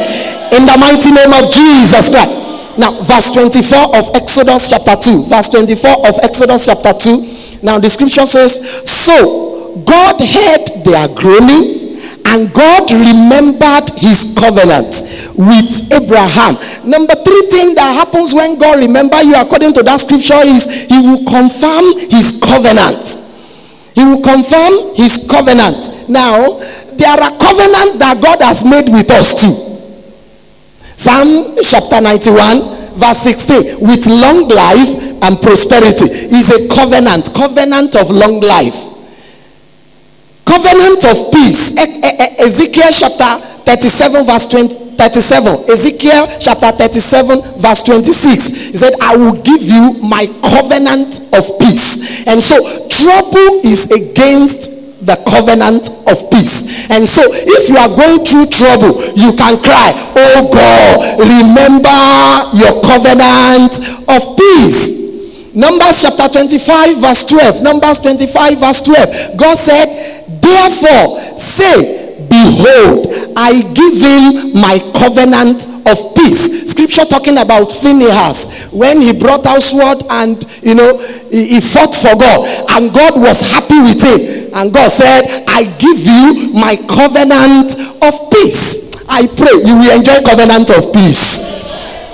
In the mighty name of Jesus Christ. Now, verse 24 of Exodus chapter 2. Verse 24 of Exodus chapter 2 now the scripture says, So God heard their groaning, and God remembered his covenant with Abraham. Number three thing that happens when God remember you according to that scripture is he will confirm his covenant. He will confirm his covenant. Now, there are covenants that God has made with us too. Psalm chapter 91, verse 16. With long life and prosperity is a covenant, covenant of long life, covenant of peace. E- e- e- Ezekiel chapter 37, verse 20, 37. Ezekiel chapter 37, verse 26. He said, I will give you my covenant of peace. And so, trouble is against the covenant of peace. And so, if you are going through trouble, you can cry, Oh God, remember your covenant of peace. Numbers chapter 25, verse 12. Numbers 25, verse 12. God said, Therefore, say, Behold, I give him my covenant of peace. Scripture talking about Phinehas when he brought out sword and you know he, he fought for God, and God was happy with him. And God said, I give you my covenant of peace. I pray you will enjoy covenant of peace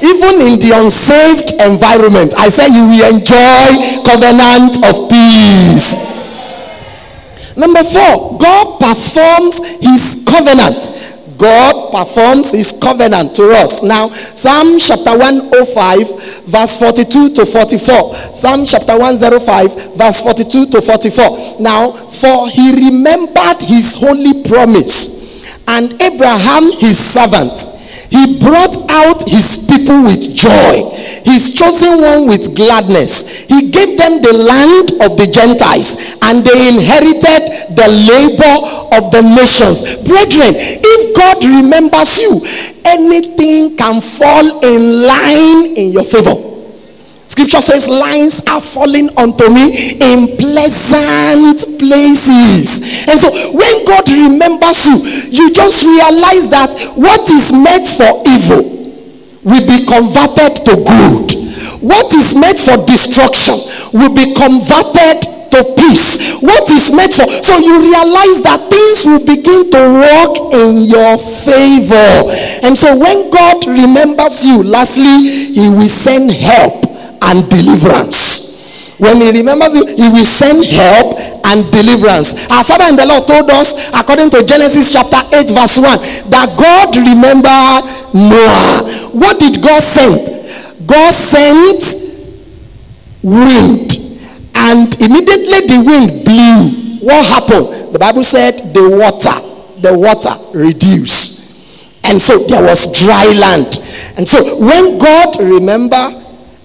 even in the unsaved environment. I say you will enjoy covenant of peace. Number four, God performs his covenant. God performs his covenant to us. Now, Psalm chapter 105, verse 42 to 44. Psalm chapter 105, verse 42 to 44. Now, for he remembered his holy promise, and Abraham his servant. He brought out his people with joy. He's chosen one with gladness. He gave them the land of the Gentiles and they inherited the labor of the nations. Brethren, if God remembers you, anything can fall in line in your favor. Scripture says, Lines are falling unto me in pleasant places. And so when God remembers you, you just realize that what is meant for evil will be converted to good. What is meant for destruction will be converted to peace. What is meant for so you realize that things will begin to work in your favor. And so when God remembers you, lastly, he will send help and deliverance. When he remembers you, he will send help and deliverance. Our Father in the Lord told us, according to Genesis chapter 8, verse 1, that God remembered Noah. What did God send? God sent wind. And immediately the wind blew. What happened? The Bible said the water, the water reduced. And so there was dry land. And so when God remember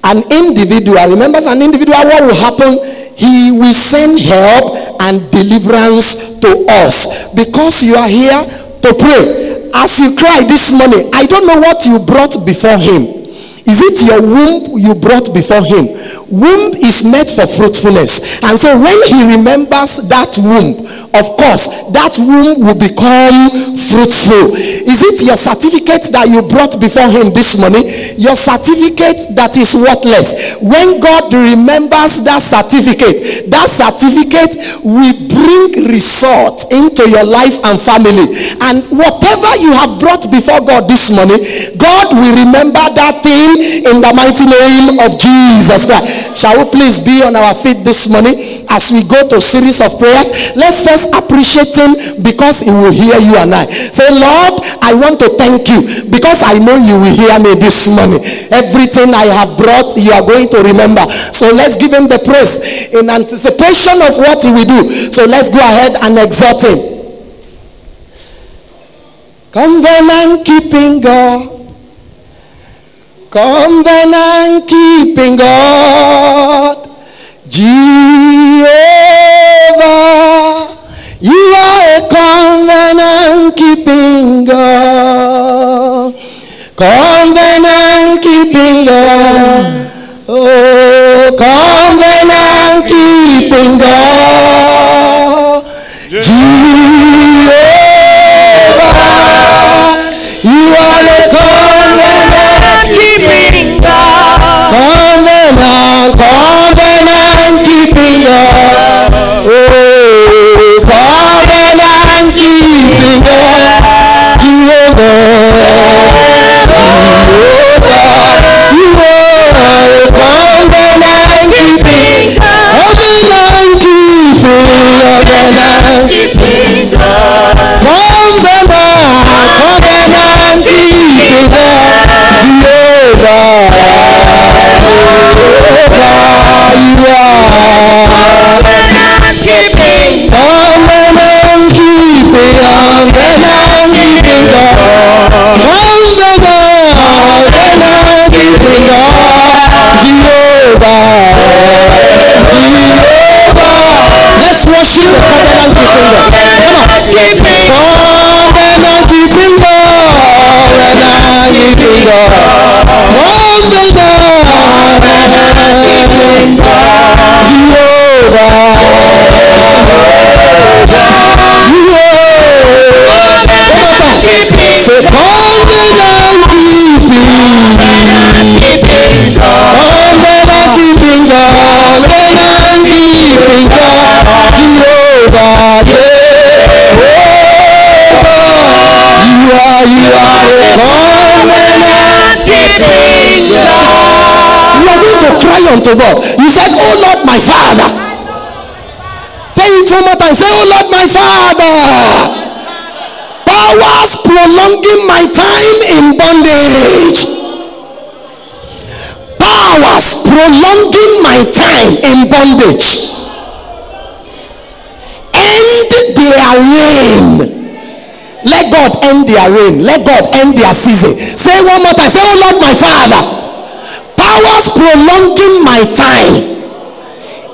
an individual, remembers an individual, what will happen? He will send help and deliverance to us. Because you are here to pray as you cry this morning, I don't know what you brought before him. Is it your womb you brought before him? Womb is meant for fruitfulness. And so when he remembers that womb, of course, that womb will become fruitful. Is it your certificate that you brought before him this morning? Your certificate that is worthless. When God remembers that certificate, that certificate will bring result into your life and family. And whatever you have brought before God this morning, God will remember that thing in the mighty name of Jesus Christ. Shall we please be on our feet this morning as we go to series of prayers? Let's first appreciate him because he will hear you and I. Say, Lord, I want to thank you because I know you will hear me this morning. Everything I have brought, you are going to remember. So let's give him the praise in anticipation of what he will do. So let's go ahead and exhort him. Covenant keeping God covenant keeping God, Jehovah. You are a covenant keeping God, covenant keeping God. Oh, covenant. unto God. You said, Oh Lord, my Father. Say it one more time. Say, Oh Lord, my Father. Powers prolonging my time in bondage. Powers prolonging my time in bondage. End their reign. Let God end their reign. Let God end their season. Say one more time. Say, Oh Lord, my Father prolonging my time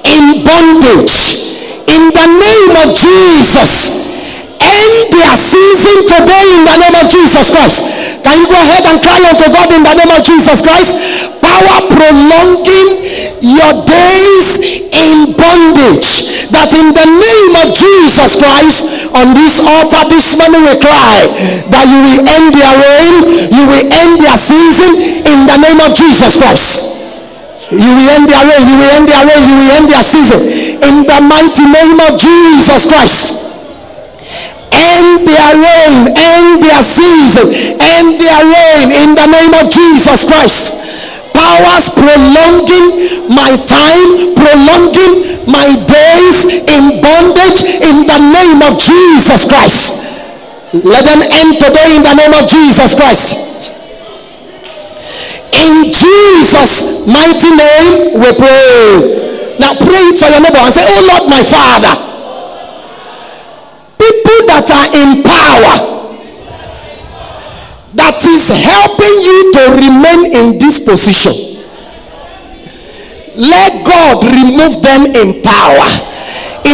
in bondage. In the name of Jesus. End their season today in the name of Jesus Christ. Can you go ahead and cry unto God in the name of Jesus Christ? Power prolonging your days in bondage. That in the name of Jesus Christ, on this altar this morning we cry that you will end their reign, you will end their season in the name of Jesus Christ. You will end their reign. you will end their reign. you will end their season. In the mighty name of Jesus Christ. End their reign, end their season, end their reign in the name of Jesus Christ powers prolonging my time, prolonging my days in bondage in the name of Jesus Christ. Let them end today in the name of Jesus Christ. Jesus' mighty name, we pray. Now pray it for your neighbor and say, Oh Lord, my Father. People that are in power that is helping you to remain in this position. Let God remove them in power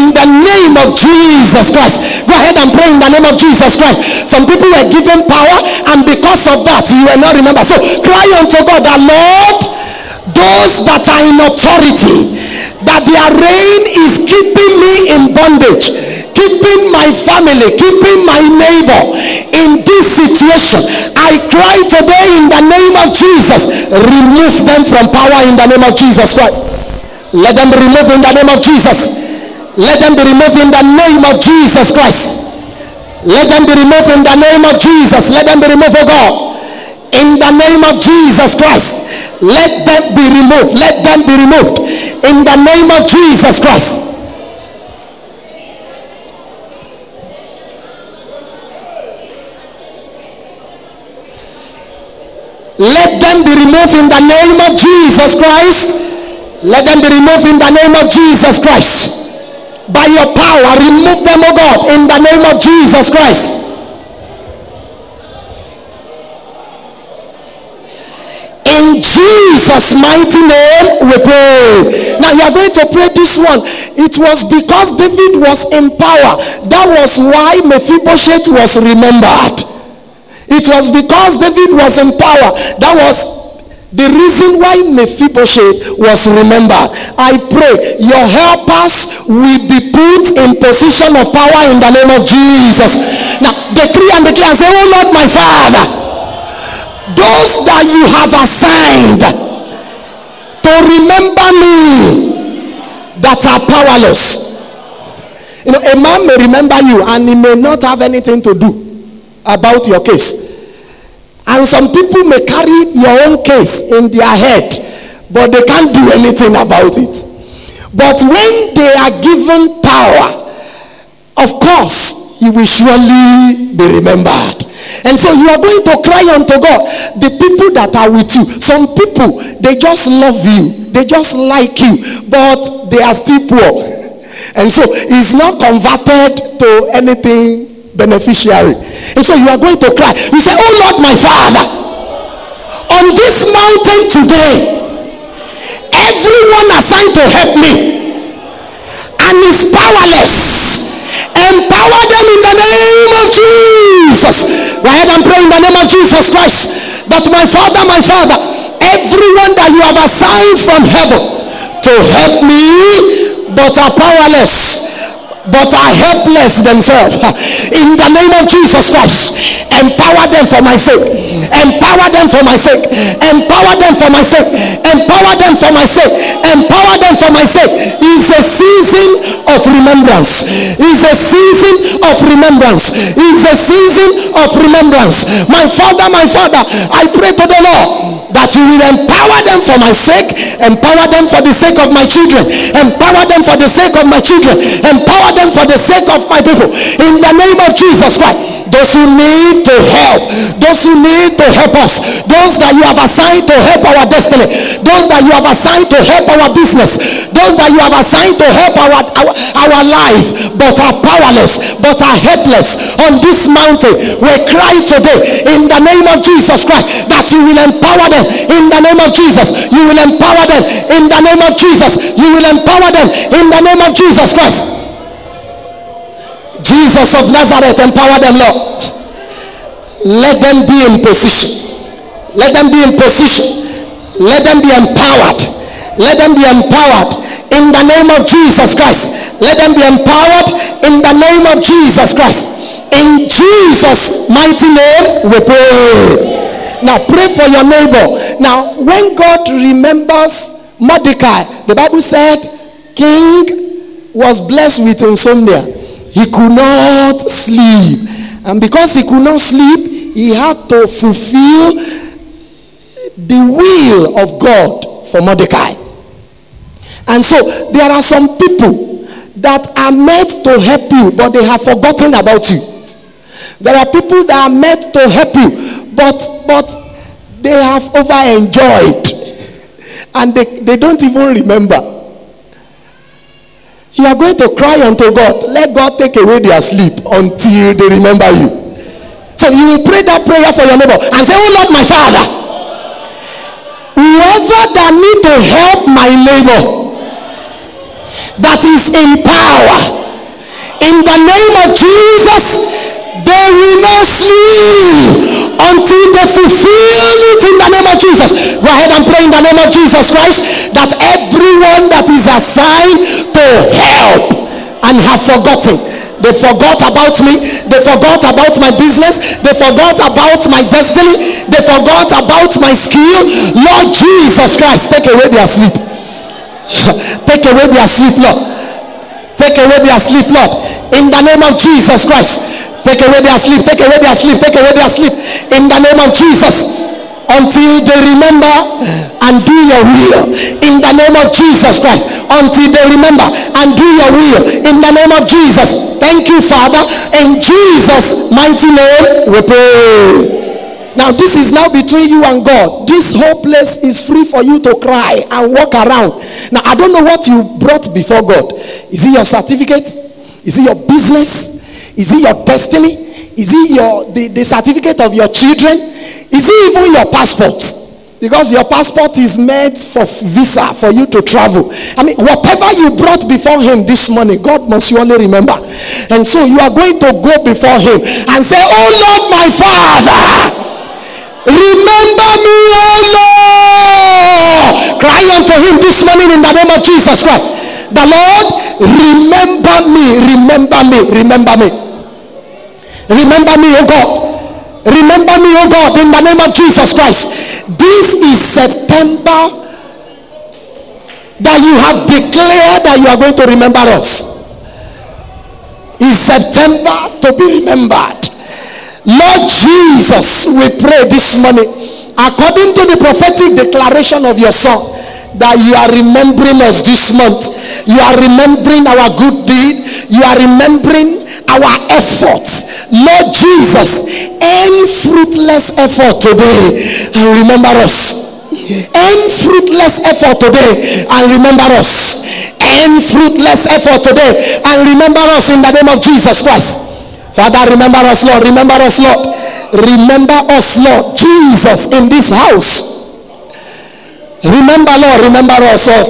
in the name of Jesus Christ. Go ahead and pray in the name of Jesus Christ. Some people were given power, and because of that, you will not remember. So cry unto God, the Lord, those that are in authority, that their reign is keeping me in bondage, keeping my family, keeping my neighbor in this situation. I cry today in the name of Jesus, remove them from power in the name of Jesus Christ. Let them remove in the name of Jesus. Let them be removed in the name of Jesus Christ. Let them be removed in the name of Jesus. Let them be removed, oh God. In the name of Jesus Christ. Let them be removed. Let them be removed. In the name of Jesus Christ. Let them be removed in the name of Jesus Christ. Let them be removed in the name of Jesus Christ by your power, remove them, O oh God, in the name of Jesus Christ. In Jesus' mighty name, we pray. Now you are going to pray this one. It was because David was in power. That was why Mephibosheth was remembered. It was because David was in power. That was the reason why Mephibosheth was remembered. I pray your helpers will be put in position of power in the name of Jesus. Now decree and declare, say, Oh Lord, my Father, those that you have assigned to remember me that are powerless. You know, a man may remember you and he may not have anything to do about your case. And some people may carry your own case in their head, but they can't do anything about it. But when they are given power, of course, you will surely be remembered. And so you are going to cry unto God. The people that are with you, some people, they just love you, they just like you, but they are still poor. And so he's not converted to anything beneficiary. And so you are going to cry. You say, Oh Lord, my Father, on this mountain today, everyone assigned to help me and is powerless. Empower them in the name of Jesus. Go ahead and pray in the name of Jesus Christ. That my Father, my Father, everyone that you have assigned from heaven to help me but are powerless but are helpless themselves. In the name of Jesus Christ, empower them for my sake. Empower them for my sake. Empower them for my sake. Empower them for my sake. Empower them for my sake. It's a season of remembrance. It's a season of remembrance. It's a season of remembrance. My father, my father, I pray to the Lord that you will empower them for my sake, empower them for the sake of my children, empower them for the sake of my children, empower them for the sake of my people. In the name of Jesus Christ. Those who need to help, those who need to help us, those that you have assigned to help our destiny, those that you have assigned to help our business, those that you have assigned to help our, our, our life, but are powerless, but are helpless on this mountain, we cry today in the name of Jesus Christ that you will empower them in the name of Jesus. You will empower them in the name of Jesus. You will empower them in the name of Jesus Christ. Jesus of Nazareth, empower them, Lord. Let them be in position. Let them be in position. Let them be empowered. Let them be empowered in the name of Jesus Christ. Let them be empowered in the name of Jesus Christ. In Jesus' mighty name, we pray. Now pray for your neighbor. Now, when God remembers Mordecai, the Bible said, King was blessed with insomnia. He could not sleep. And because he could not sleep, he had to fulfill the will of God for Mordecai. And so there are some people that are meant to help you, but they have forgotten about you. There are people that are meant to help you, but but they have over enjoyed and they, they don't even remember. You are going to cry unto God. Let God take away their sleep until they remember you. So you pray that prayer for your neighbor and say, Oh Lord, my father, whoever that need to help my neighbor that is in power, in the name of Jesus, they will not sleep until they fulfill Jesus. Go ahead and pray in the name of Jesus Christ that everyone that is assigned to help and have forgotten. They forgot about me. They forgot about my business. They forgot about my destiny. They forgot about my skill. Lord Jesus Christ, take away their sleep. take away their sleep, Lord. Take away their sleep, Lord. In the name of Jesus Christ. Take away their sleep. Take away their sleep. Take away their sleep. In the name of Jesus until they remember and do your will in the name of Jesus Christ. Until they remember and do your will in the name of Jesus. Thank you, Father. In Jesus' mighty name, we pray. Now, this is now between you and God. This whole place is free for you to cry and walk around. Now, I don't know what you brought before God. Is it your certificate? Is it your business? Is it your destiny? Is it your the, the certificate of your children? Is it even your passport? Because your passport is made for visa for you to travel. I mean, whatever you brought before him this morning, God must surely remember. And so you are going to go before him and say, Oh Lord, my Father, remember me, oh Lord. Cry unto him this morning in the name of Jesus Christ. The Lord, remember me, remember me, remember me. Remember me, oh God. Remember me, oh God, in the name of Jesus Christ. This is September that you have declared that you are going to remember us. Is September to be remembered. Lord Jesus, we pray this morning, according to the prophetic declaration of your son, that you are remembering us this month. You are remembering our good deed. You are remembering our efforts Lord Jesus, end fruitless effort today and remember us. End fruitless effort today and remember us. End fruitless effort today and remember us in the name of Jesus Christ. Father, remember us, Lord. Remember us, Lord. Remember us, Lord. Jesus in this house. Remember, Lord. Remember us, Lord.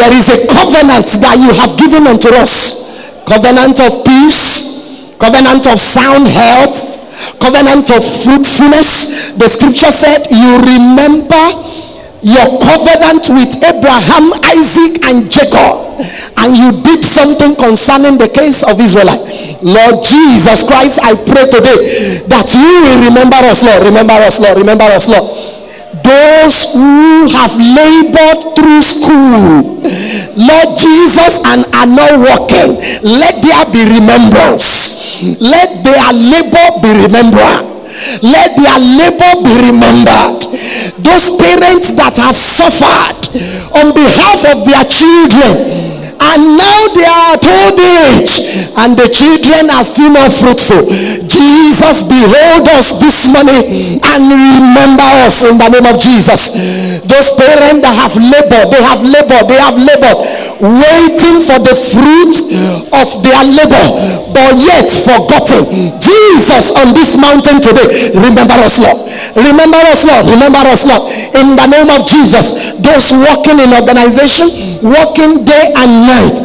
There is a covenant that you have given unto us covenant of peace, covenant of sound health, covenant of fruitfulness. The scripture said, You remember your covenant with Abraham, Isaac, and Jacob, and you did something concerning the case of Israelite. Lord Jesus Christ, I pray today that you will remember us, Lord. Remember us, Lord. Remember us, Lord those who have labored through school, Lord Jesus, and are not working, let there be remembrance. Let their labor be remembered. Let their labor be remembered. Those parents that have suffered on behalf of their children and now they are at old age, and the children are still not fruitful. Jesus, behold us this morning and remember us in the name of Jesus. Those parents that have labored, they have labored, they have labored, waiting for the fruit of their labor, but yet forgotten. Jesus on this mountain today, remember us, Lord. Remember us, Lord. Remember us, Lord. In the name of Jesus, those working in organization, working day and night,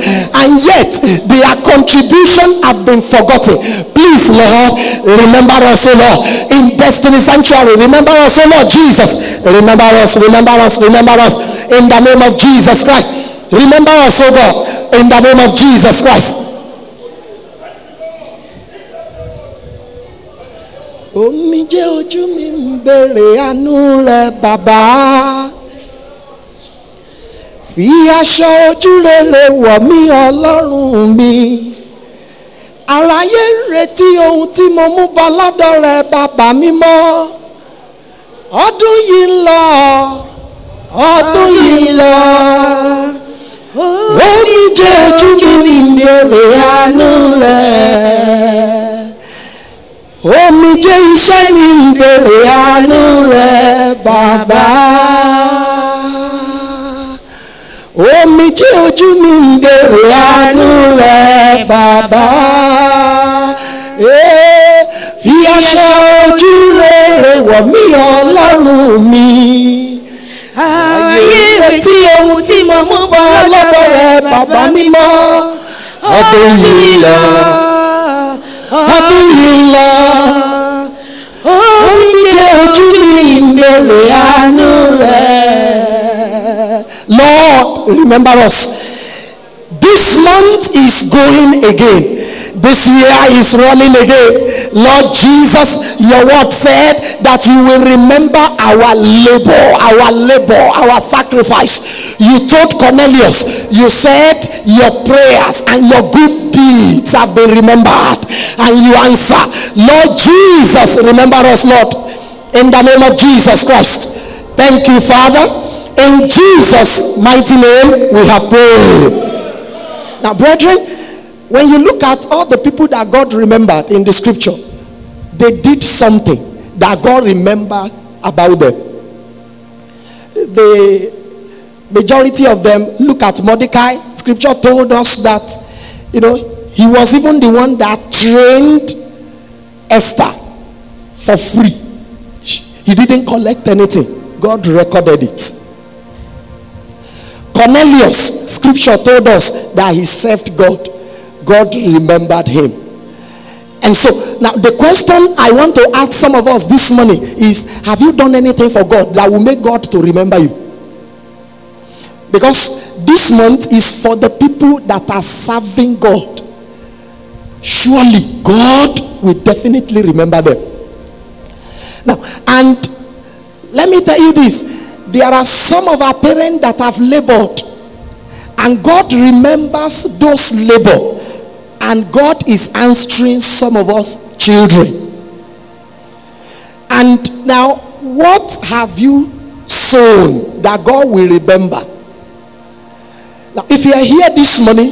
and yet their contribution have been forgotten. Please, Lord, remember us, O Lord. In Destiny Sanctuary, remember us, O Lord Jesus. Remember us, remember us, remember us. In the name of Jesus Christ. Remember us, O God. In the name of Jesus Christ. omijé ojú mi ń béèrè àánú rẹ bàbá fi aṣọ ojú rere wọ̀ mí ọlọ́run mi àráyé ń retí ohun tí mo mú bọ̀ lọ́dọ̀ rẹ bàbá mímọ́ ọdún yìí ń lọ ọdún yìí ń lọ omijé ojú mi ń béèrè àánú rẹ omijé iṣẹ́ ni ìbèrè àánú rẹ bàbá omijé ojú mi ìbèrè àánú rẹ bàbá eh, fi aṣọ ojú rere wọ̀ mí ọlọ́run mi ayé retí ohun tí mo mú bọ́ lọ́dọ̀ rẹ bàbá mímọ́ ọdún yìí lọ. Abiyilọ oníjẹ ojú mi ń bèrè àánú rẹ. Lord remember us this month is going again. This year is running again. Lord Jesus, your word said that you will remember our labor, our labor, our sacrifice. You told Cornelius, you said your prayers and your good deeds have been remembered. And you answer, Lord Jesus, remember us, Lord, in the name of Jesus Christ. Thank you, Father. In Jesus' mighty name, we have prayed. Now, brethren, when you look at all the people that God remembered in the scripture, they did something that God remembered about them. The majority of them look at Mordecai. Scripture told us that, you know, he was even the one that trained Esther for free. He didn't collect anything, God recorded it. Cornelius, scripture told us that he served God God remembered him. And so, now the question I want to ask some of us this morning is Have you done anything for God that will make God to remember you? Because this month is for the people that are serving God. Surely God will definitely remember them. Now, and let me tell you this there are some of our parents that have labored, and God remembers those labor. And God is answering some of us children. And now, what have you sown that God will remember? Now, if you are here this morning,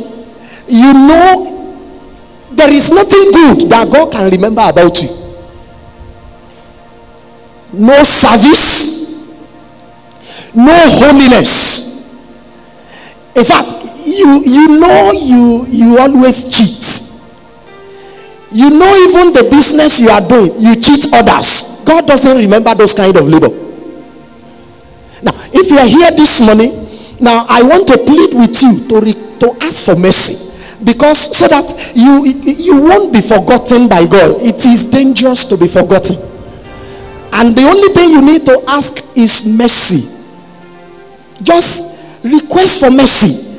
you know there is nothing good that God can remember about you. No service, no holiness. In fact, you you know you you always cheat you know even the business you are doing you cheat others god doesn't remember those kind of labor now if you are here this morning now i want to plead with you to re- to ask for mercy because so that you you won't be forgotten by god it is dangerous to be forgotten and the only thing you need to ask is mercy just request for mercy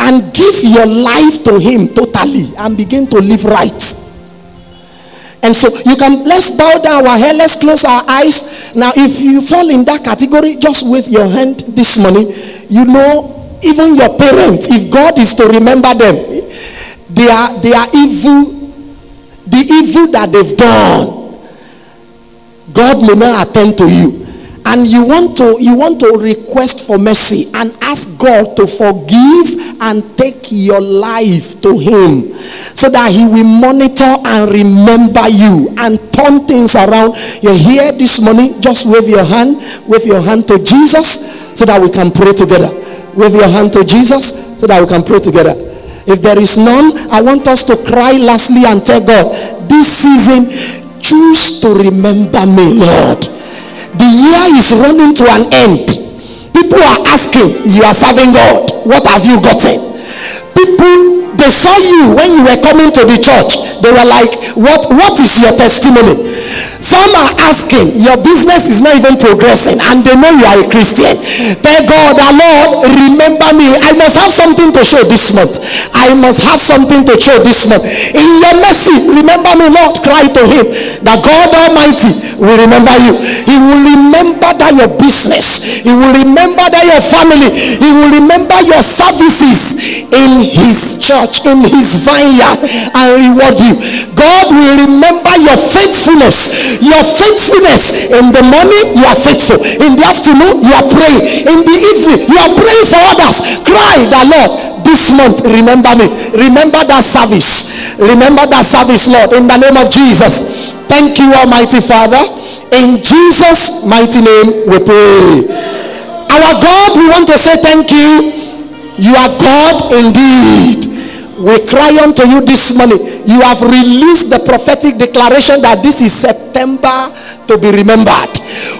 and give your life to him totally and begin to live right. And so you can let's bow down our head, let's close our eyes. Now, if you fall in that category, just wave your hand this morning. You know, even your parents, if God is to remember them, they are they are evil, the evil that they've done. God may not attend to you. And you want to you want to request for mercy and ask God to forgive and take your life to Him so that He will monitor and remember you and turn things around. You're here this morning, just wave your hand, wave your hand to Jesus so that we can pray together. Wave your hand to Jesus so that we can pray together. If there is none, I want us to cry lastly and tell God, this season, choose to remember me, Lord. The year is running to an end. People are asking, you are serving God what have you gotten? People, they saw you when you were coming to the church. They were like, what, what is your testimony? Some are asking, your business is not even progressing, and they know you are a Christian. Thank God, our ah, Lord, remember me. I must have something to show this month. I must have something to show this month. In your mercy, remember me, Lord. Cry to him that God Almighty will remember you. He will remember that your business, he will remember that your family, he will remember your services in his church, in his vineyard, and reward you. God will remember your faithfulness your faithfulness in the morning, you are faithful. In the afternoon, you are praying. In the evening, you are praying for others. Cry the Lord. This month, remember me. Remember that service. Remember that service, Lord, in the name of Jesus. Thank you, Almighty Father. In Jesus' mighty name, we pray. Our God, we want to say thank you. You are God indeed we cry unto you this morning. You have released the prophetic declaration that this is September to be remembered.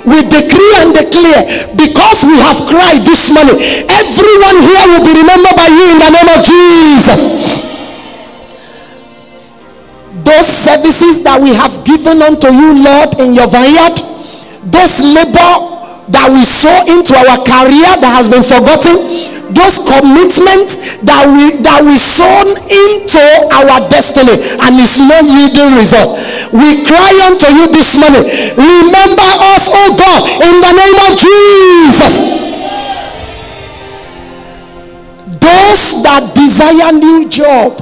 We decree and declare because we have cried this morning, everyone here will be remembered by you in the name of Jesus. Those services that we have given unto you, Lord, in your vineyard, those labor that we sow into our career that has been forgotten, those commitments that we that we sown into our destiny and it's not yielding result. We cry unto you this morning. Remember us, oh God, in the name of Jesus. Those that desire new job,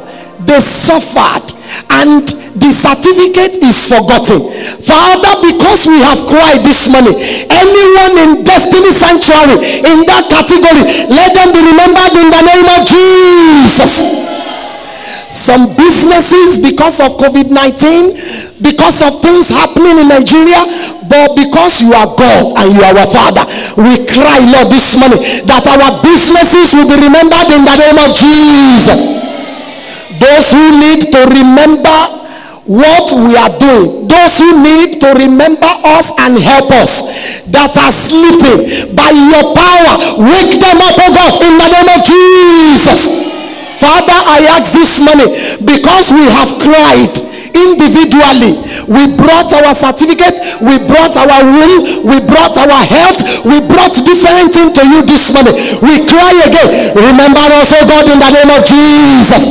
they suffered and the certificate is forgotten. Father, because we have cried this morning, anyone in Destiny Sanctuary in that category, let them be remembered in the name of Jesus. Some businesses, because of COVID 19, because of things happening in Nigeria, but because you are God and you are our Father, we cry, Lord, this morning that our businesses will be remembered in the name of Jesus. Those who need to remember what we are doing. Those who need to remember us and help us that are sleeping, by your power, wake them up, oh God, in the name of Jesus. Father, I ask this money because we have cried individually. We brought our certificate, we brought our room, we brought our health, we brought different things to you this morning. We cry again. Remember us, oh God, in the name of Jesus.